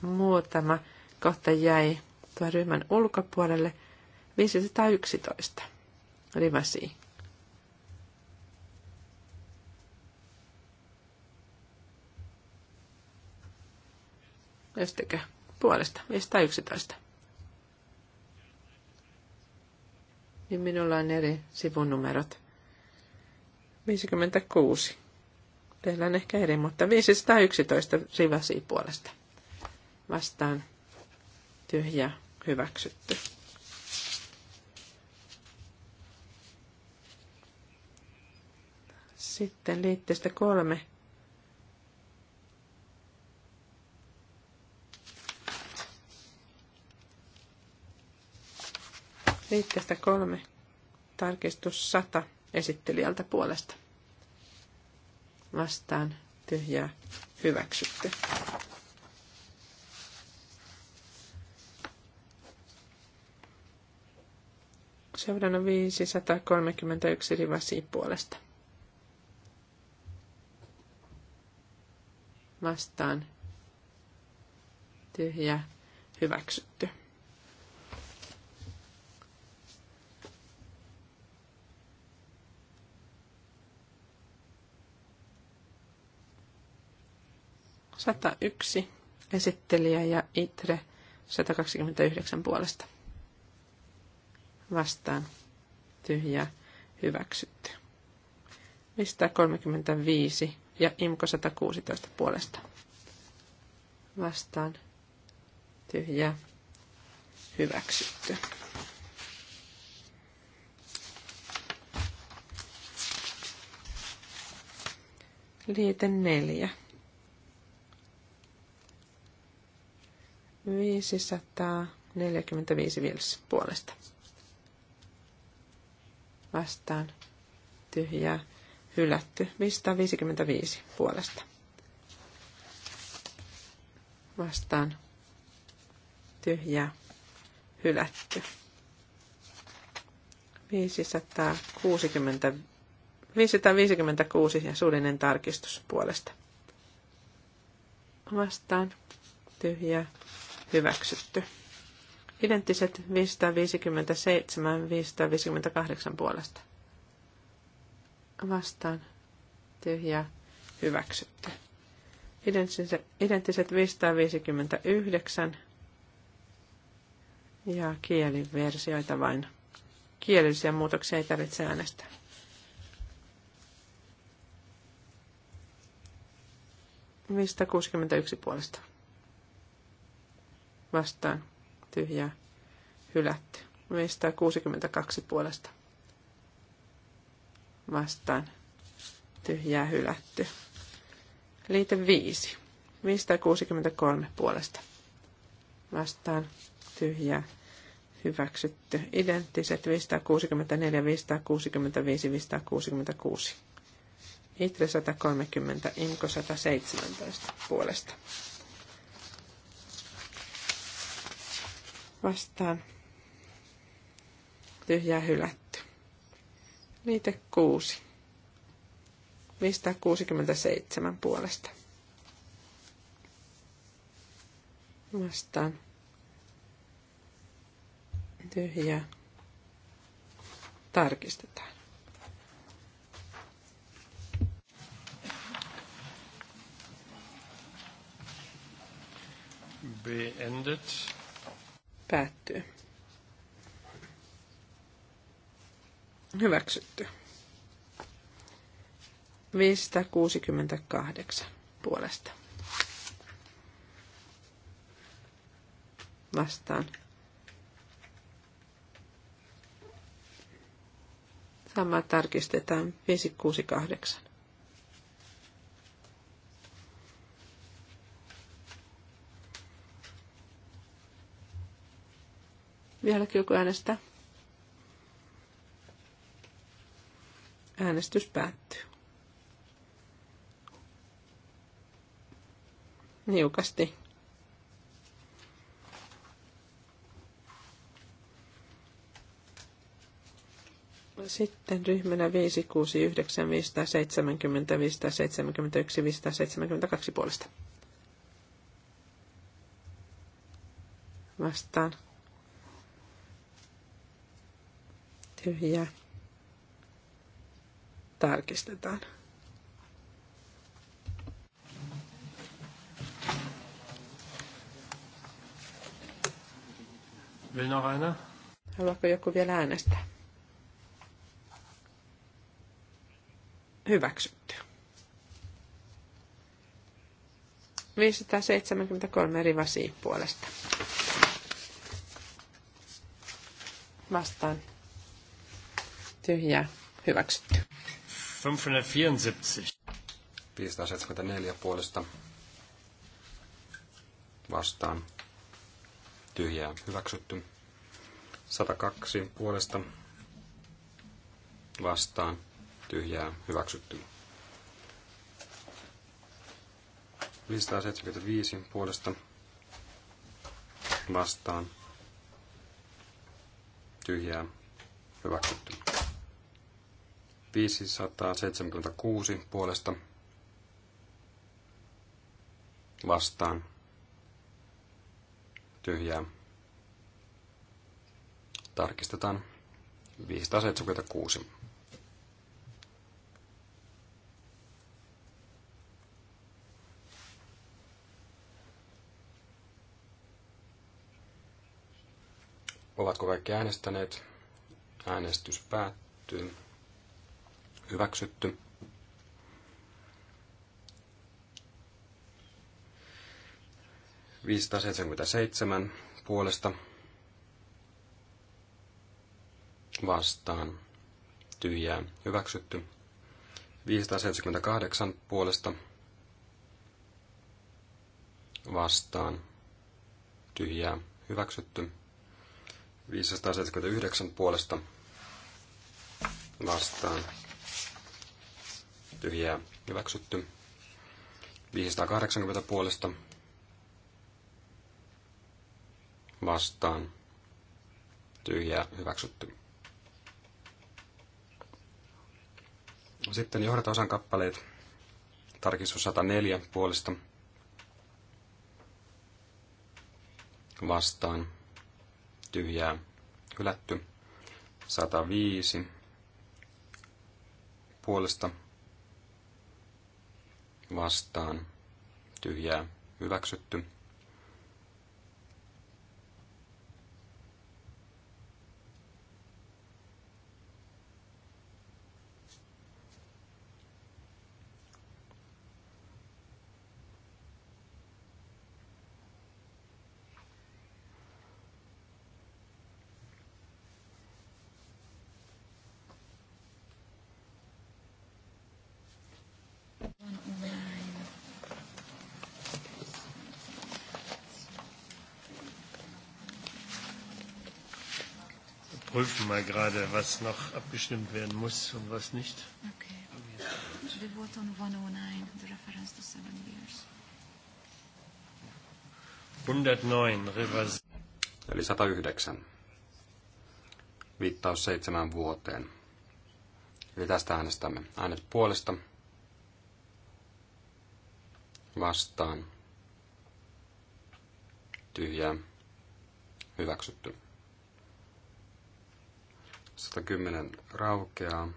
Muutama kohta jäi tuo ryhmän ulkopuolelle 511 rivasiin. Ystäkö? Puolesta. 511. Niin minulla on eri sivunumerot. 56 tehdään ehkä eri, mutta 511 rivasi puolesta vastaan tyhjä hyväksytty. Sitten liitteestä kolme. Liitteestä kolme. Tarkistus 100 esittelijältä puolesta vastaan tyhjää hyväksytty. Seuraavana 531 rivasi puolesta. Vastaan tyhjä hyväksytty. 101 esittelijä ja ITRE 129 puolesta. Vastaan tyhjää hyväksytty. Mistä 35 ja IMKO 116 puolesta. Vastaan tyhjää hyväksytty. Liite neljä 545 viljassa puolesta. Vastaan tyhjää hylätty 555 puolesta. Vastaan tyhjää hylätty. 560, 556 ja suullinen tarkistus puolesta. Vastaan tyhjää hyväksytty. Identtiset 557, 558 puolesta. Vastaan tyhjä hyväksytty. Identtiset 559 ja kieliversioita vain. Kielellisiä muutoksia ei tarvitse äänestää. Mistä 61 puolesta? vastaan tyhjää hylätty. 562 puolesta vastaan tyhjää hylätty. Liite 5. 563 puolesta vastaan tyhjää hyväksytty. Identtiset 564, 565, 566. Itre 130, Inko 117 puolesta vastaan tyhjää hylätty. Liite 6. 567 puolesta. Vastaan. Tyhjää. Tarkistetaan. Beendet. Päättyy. Hyväksytty. 568 puolesta. Vastaan. Sama tarkistetaan 568. Vieläkin joku äänestää? Äänestys päättyy. Niukasti. Sitten ryhmänä 5, 6, 9, 570, 571, 572 puolesta. Vastaan. tyhjää. Tarkistetaan. Haluatko joku vielä äänestää? Hyväksytty. 573 rivasi puolesta. Vastaan tyhjää hyväksytty. 574. 574 puolesta vastaan tyhjää hyväksytty. 102 puolesta vastaan tyhjää hyväksytty. 575 puolesta vastaan tyhjää hyväksytty. 576 puolesta vastaan tyhjää. Tarkistetaan 576. Ovatko kaikki äänestäneet? Äänestys päättyy. Hyväksytty. seitsemän puolesta vastaan tyhjää hyväksytty. 578 puolesta vastaan tyhjää hyväksytty. 579 puolesta vastaan tyhjää hyväksytty. 580 puolesta vastaan tyhjää hyväksytty. Sitten johdatosan kappaleet. Tarkistus 104 puolesta vastaan tyhjää hylätty. 105 puolesta vastaan tyhjää hyväksytty. überprüfen mal gerade, was noch abgestimmt werden muss und was nicht. Okay. vote on 109, the reference to seven years. 109, Eli 109. Viittaus seitsemän vuoteen. Eli tästä äänestämme. Äänet puolesta. Vastaan. Tyhjää. Hyväksytty. 110 raukeaa.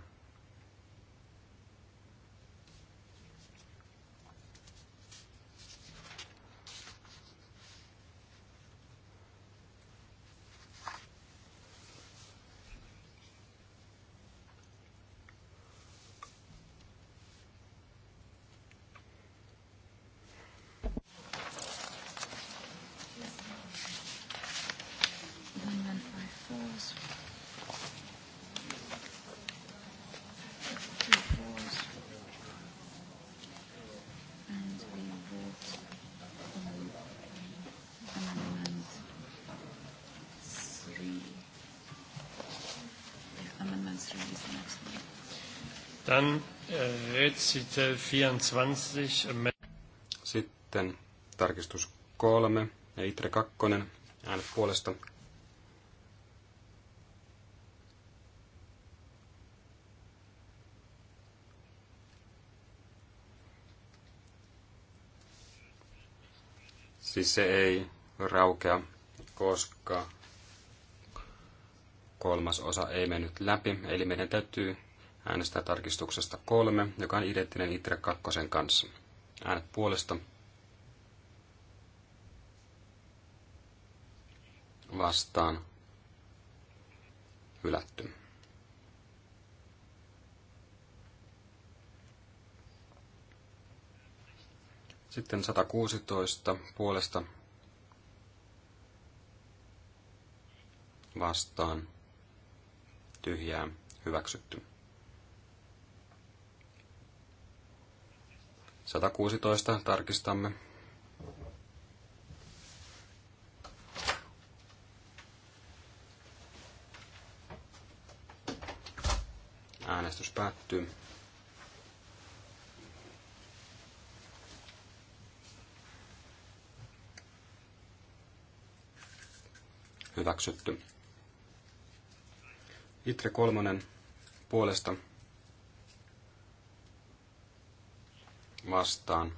24. Sitten tarkistus kolme ja Itre 2. Äänet puolesta siis se ei raukea, koska kolmas osa ei mennyt läpi, eli meidän täytyy äänestää tarkistuksesta kolme, joka on identtinen ITRE kakkosen kanssa. Äänet puolesta. Vastaan. Hylätty. Sitten 116 puolesta vastaan tyhjää hyväksytty. 116 tarkistamme. Äänestys päättyy. Hyväksytty. Itre kolmonen puolesta vastaan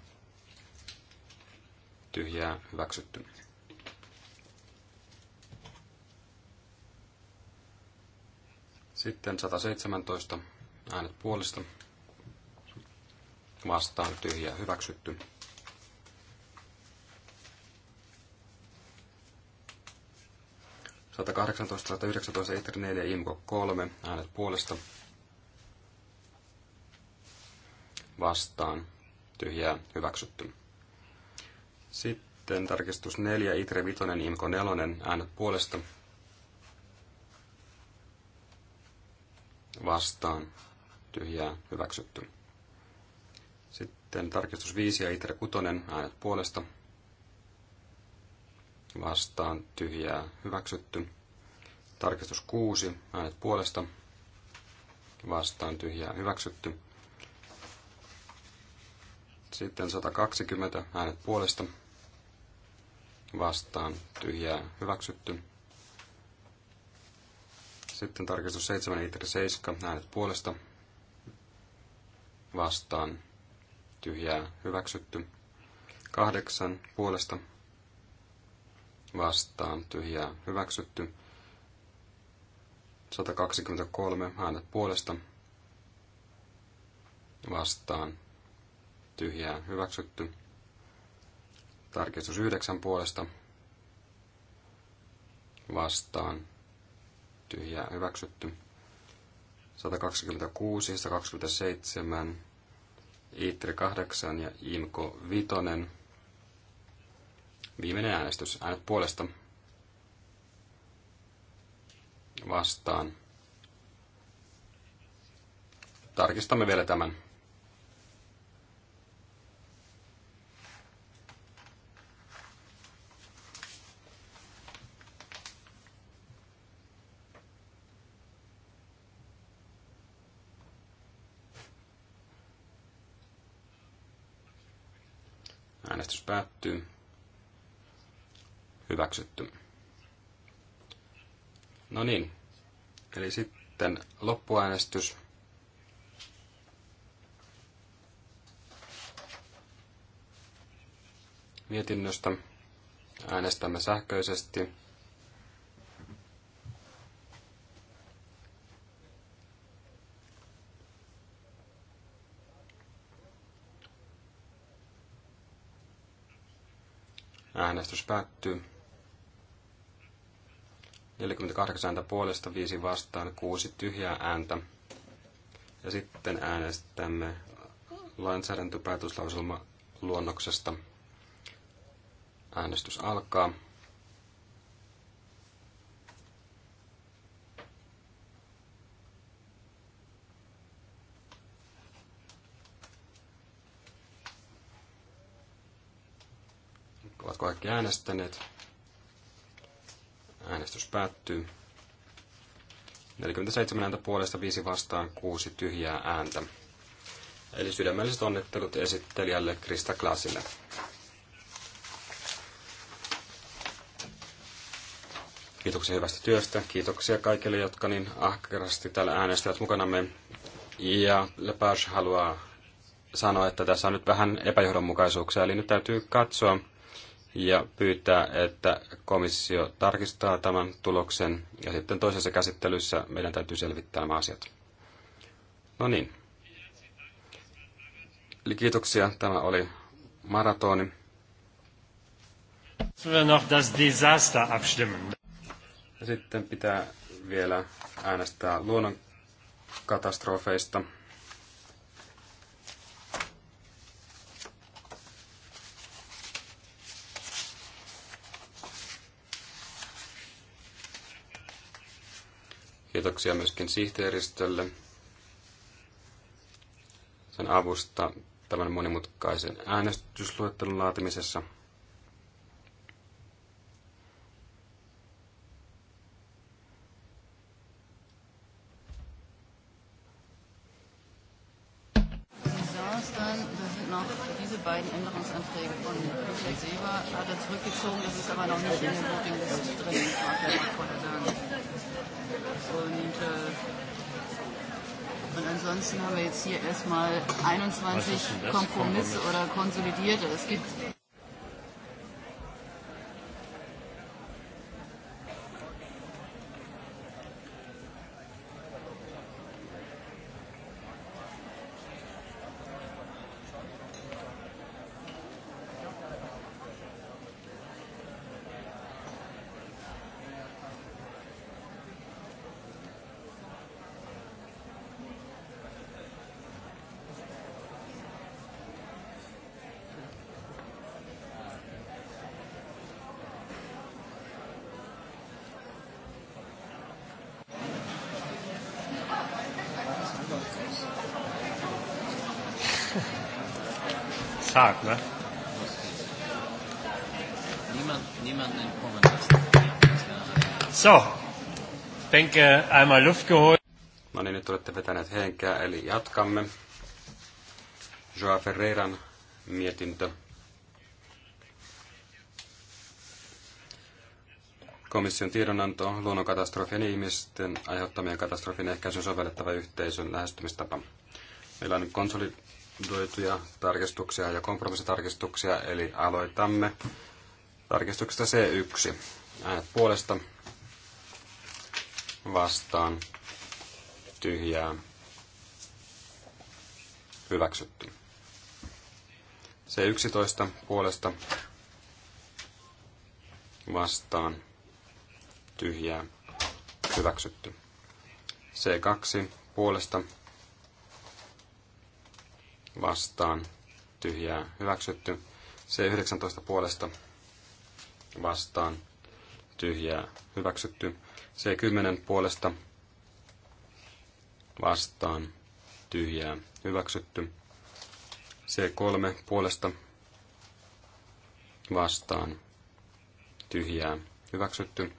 tyhjää hyväksytty. Sitten 117 äänet puolesta vastaan tyhjää hyväksytty. Sata kahdeksantoista, sata yhdeksäntoista, neljä, kolme, äänet puolesta vastaan tyhjää hyväksytty. Sitten tarkistus 4, Itre Vitonen, Imko Nelonen, äänet puolesta. Vastaan, tyhjää hyväksytty. Sitten tarkistus 5 ja Itre Kutonen, äänet puolesta. Vastaan, tyhjää hyväksytty. Tarkistus 6, äänet puolesta. Vastaan, tyhjää hyväksytty. Sitten 120 äänet puolesta vastaan tyhjää hyväksytty. Sitten tarkistus 7 litri 7 äänet puolesta vastaan tyhjää hyväksytty. 8 puolesta vastaan tyhjää hyväksytty. 123 äänet puolesta vastaan tyhjää hyväksytty. Tarkistus yhdeksän puolesta vastaan tyhjää hyväksytty. 126, 127, Iitri 8 ja Imko 5. Viimeinen äänestys. Äänet puolesta vastaan. Tarkistamme vielä tämän. hyväksytty. Hyväksytty. No niin, eli sitten loppuäänestys. Mietinnöstä äänestämme sähköisesti. Äänestys päättyy. 48 ääntä puolesta, 5 vastaan, 6 tyhjää ääntä. Ja sitten äänestämme lainsäädäntöpäätöslauselma luonnoksesta. Äänestys alkaa. Ovatko kaikki äänestäneet? Äänestys päättyy. 47 ääntä puolesta, 5 vastaan, 6 tyhjää ääntä. Eli sydämelliset onnittelut esittelijälle Krista Klasille. Kiitoksia hyvästä työstä. Kiitoksia kaikille, jotka niin ahkerasti täällä äänestävät mukanamme. Ja Lepage haluaa sanoa, että tässä on nyt vähän epäjohdonmukaisuuksia, eli nyt täytyy katsoa, ja pyytää, että komissio tarkistaa tämän tuloksen ja sitten toisessa käsittelyssä meidän täytyy selvittää nämä asiat. No niin. Eli kiitoksia. Tämä oli maratoni. Sitten pitää vielä äänestää katastrofeista. kiitoksia myöskin sihteeristölle sen avusta tämän monimutkaisen äänestysluettelon laatimisessa. Kompromiss oder konsolidierte. Es gibt Tag. Ne? Niemand, entkommen lassen. So, denke einmal Luft geholt. No niin, nyt olette vetäneet henkeä, eli jatkamme. Joa Ferreiran mietintö. Komission tiedonanto luonnonkatastrofien ihmisten aiheuttamien katastrofien ehkäisyyn sovellettava yhteisön lähestymistapa. Meillä on konsoli- konsolidoituja tarkistuksia ja kompromissitarkistuksia, eli aloitamme tarkistuksesta C1. Äänet puolesta vastaan tyhjää hyväksytty. C11 puolesta vastaan tyhjää hyväksytty. C2 puolesta vastaan tyhjää hyväksytty. C19 puolesta vastaan tyhjää hyväksytty. C10 puolesta vastaan tyhjää hyväksytty. C3 puolesta vastaan tyhjää hyväksytty.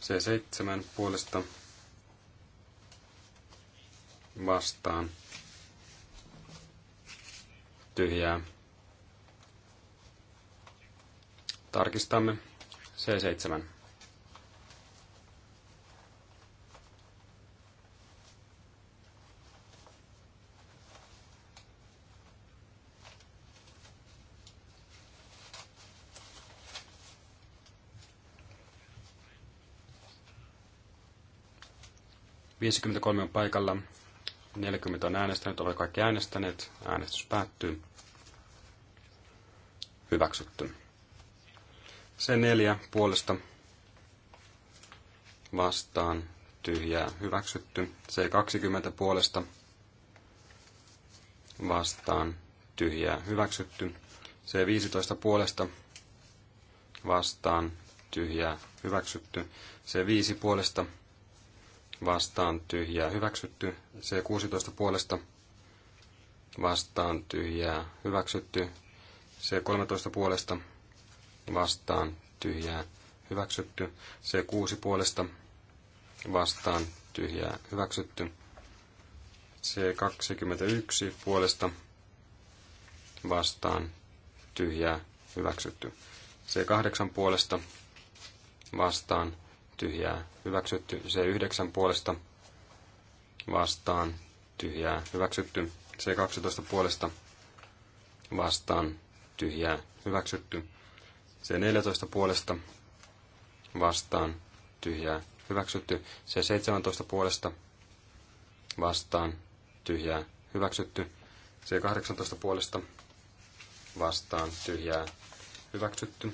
C7 puolesta vastaan tyhjää. Tarkistamme C7. Viisikymmentäkolme on paikalla. 40 on äänestänyt, ovat kaikki äänestäneet. Äänestys päättyy. Hyväksytty. Se neljä puolesta vastaan tyhjää hyväksytty. C20 puolesta vastaan tyhjää hyväksytty. C15 puolesta vastaan tyhjää hyväksytty. C5 puolesta vastaan, vastaan tyhjää hyväksytty. C16 puolesta vastaan tyhjää hyväksytty. C13 puolesta vastaan tyhjää hyväksytty. C6 puolesta vastaan tyhjää hyväksytty. C21 puolesta vastaan tyhjää hyväksytty. C8 puolesta vastaan tyhjää hyväksytty. C9 puolesta vastaan tyhjää hyväksytty. C12 puolesta vastaan tyhjää hyväksytty. C14 puolesta vastaan tyhjää hyväksytty. C17 puolesta vastaan tyhjää hyväksytty. C18 puolesta vastaan tyhjää hyväksytty.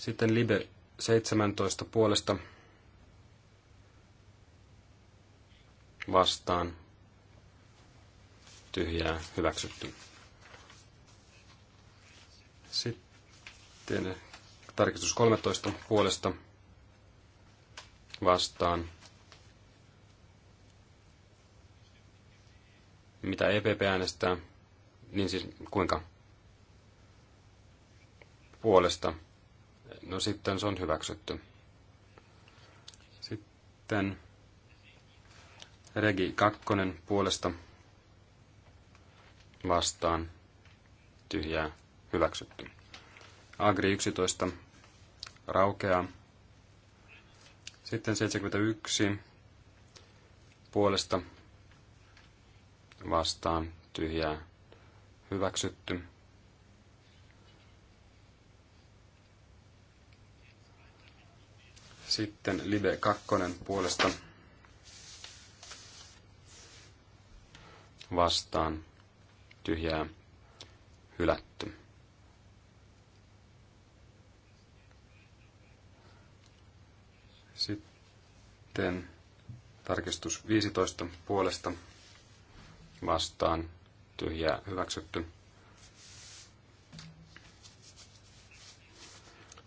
Sitten Libe 17 puolesta vastaan tyhjää hyväksytty. Sitten tarkistus 13 puolesta vastaan. Mitä EPP äänestää? Niin siis kuinka? Puolesta No sitten se on hyväksytty. Sitten Regi 2 puolesta vastaan tyhjää hyväksytty. Agri 11 raukeaa. Sitten 71 puolesta vastaan tyhjää hyväksytty. Sitten Live 2 puolesta vastaan tyhjää hylätty. Sitten tarkistus 15 puolesta vastaan tyhjää hyväksytty.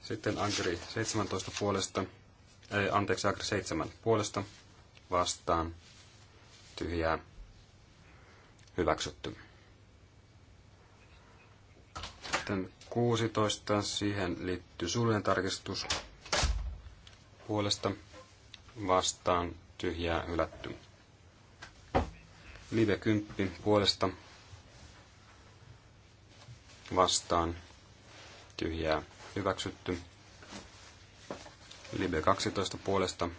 Sitten Ankeri 17 puolesta ei, anteeksi, Agri 7 puolesta vastaan tyhjää hyväksytty. Sitten 16, siihen liittyy suullinen tarkistus puolesta vastaan tyhjää hylätty. Live 10 puolesta vastaan tyhjää hyväksytty. Libe 12 puolesta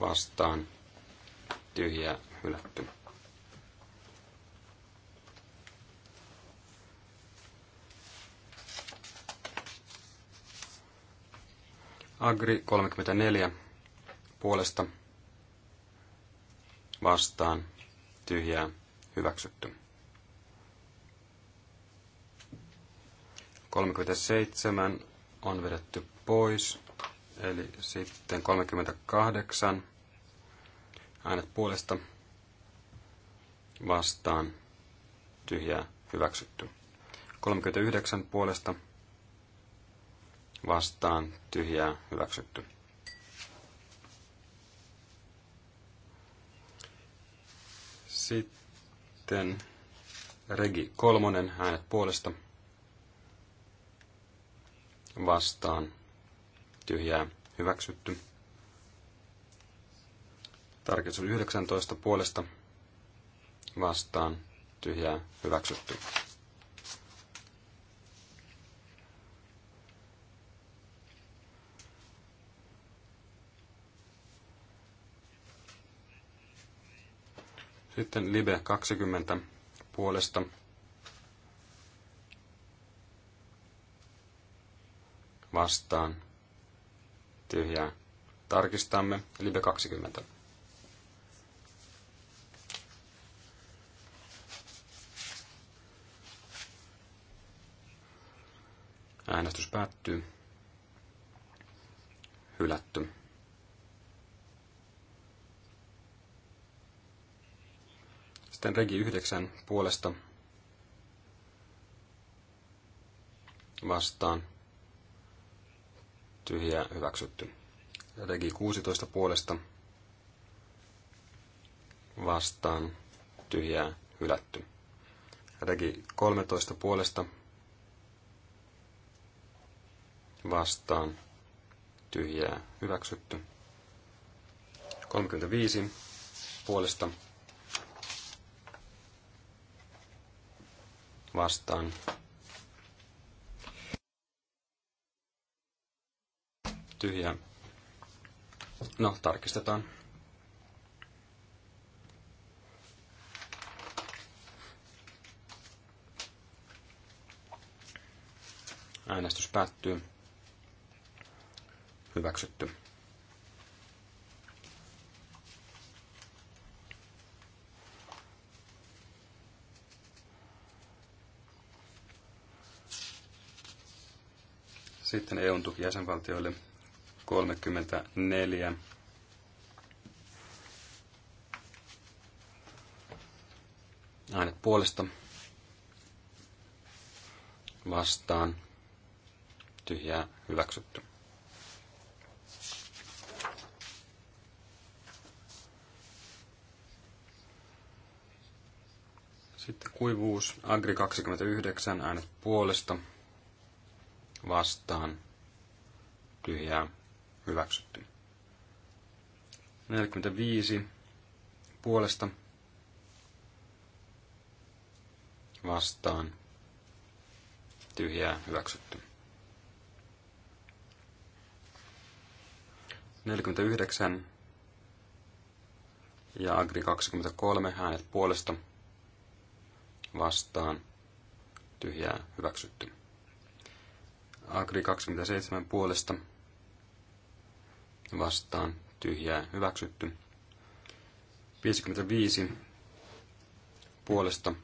vastaan tyhjää hylätty. Agri 34 puolesta vastaan tyhjää hyväksytty. 37 on vedetty pois, eli sitten 38 äänet puolesta vastaan tyhjää hyväksytty. 39 puolesta vastaan tyhjää hyväksytty. Sitten Regi kolmonen äänet puolesta vastaan tyhjää hyväksytty. Tarkistus 19 puolesta vastaan tyhjää hyväksytty. Sitten Libe 20 puolesta vastaan tyhjää. Tarkistamme Libe 20. Äänestys päättyy. Hylätty. Sitten regi 9 puolesta vastaan tyhjää hyväksytty. teki 16 puolesta vastaan tyhjää hylätty. teki 13 puolesta vastaan tyhjää hyväksytty. 35 puolesta vastaan tyhjää. No, tarkistetaan. Äänestys päättyy. Hyväksytty. Sitten eu tuki jäsenvaltioille 34. Äänet puolesta vastaan tyhjää hyväksytty. Sitten kuivuus. Agri 29, äänet puolesta, vastaan, tyhjää, hyväksyttiin. 45 puolesta vastaan tyhjää hyväksytty. 49 ja Agri 23 äänet puolesta vastaan tyhjää hyväksytty. Agri 27 puolesta vastaan tyhjää hyväksytty. 55 puolesta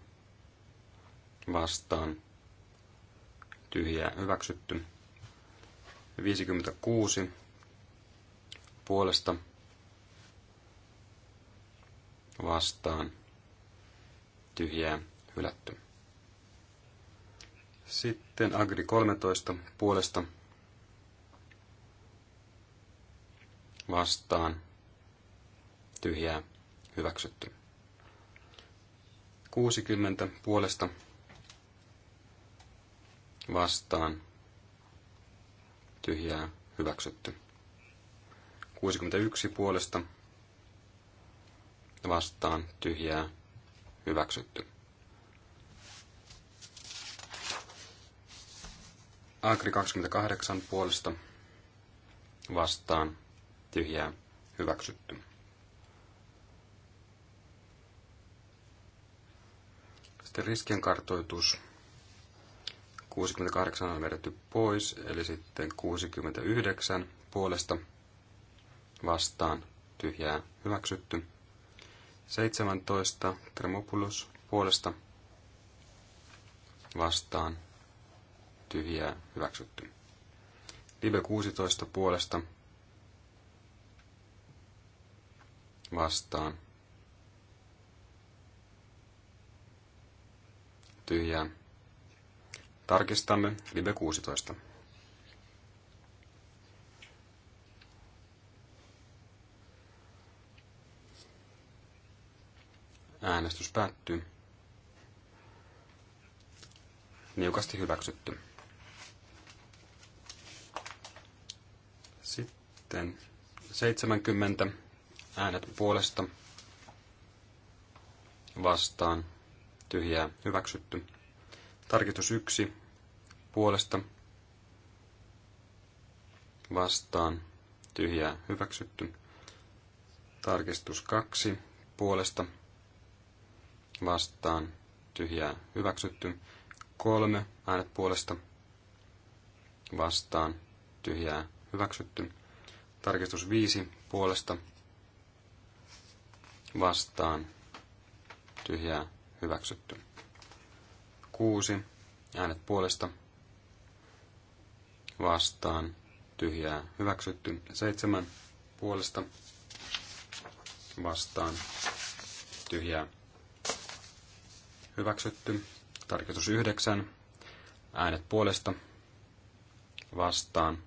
vastaan tyhjää hyväksytty. 56 puolesta vastaan tyhjää hylätty. Sitten Agri 13 puolesta vastaan tyhjää hyväksytty. 60 puolesta vastaan tyhjää hyväksytty. 61 puolesta vastaan tyhjää hyväksytty. Agri 28 puolesta vastaan tyhjää hyväksytty. Sitten riskien kartoitus. 68 on vedetty pois, eli sitten 69 puolesta vastaan tyhjää hyväksytty. 17 Tremopulus puolesta vastaan tyhjää hyväksytty. Live 16 puolesta vastaan. Tyhjää. Tarkistamme Live 16. Äänestys päättyy. Niukasti hyväksytty. Sitten 70 äänet puolesta vastaan tyhjää hyväksytty. Tarkistus 1 puolesta vastaan tyhjää hyväksytty. Tarkistus 2 puolesta vastaan tyhjää hyväksytty. Kolme äänet puolesta vastaan tyhjää hyväksytty. Tarkistus 5 puolesta vastaan, vastaan tyhjää hyväksytty. Kuusi äänet puolesta vastaan tyhjää hyväksytty. Seitsemän puolesta vastaan tyhjää hyväksytty. Tarkoitus yhdeksän äänet puolesta vastaan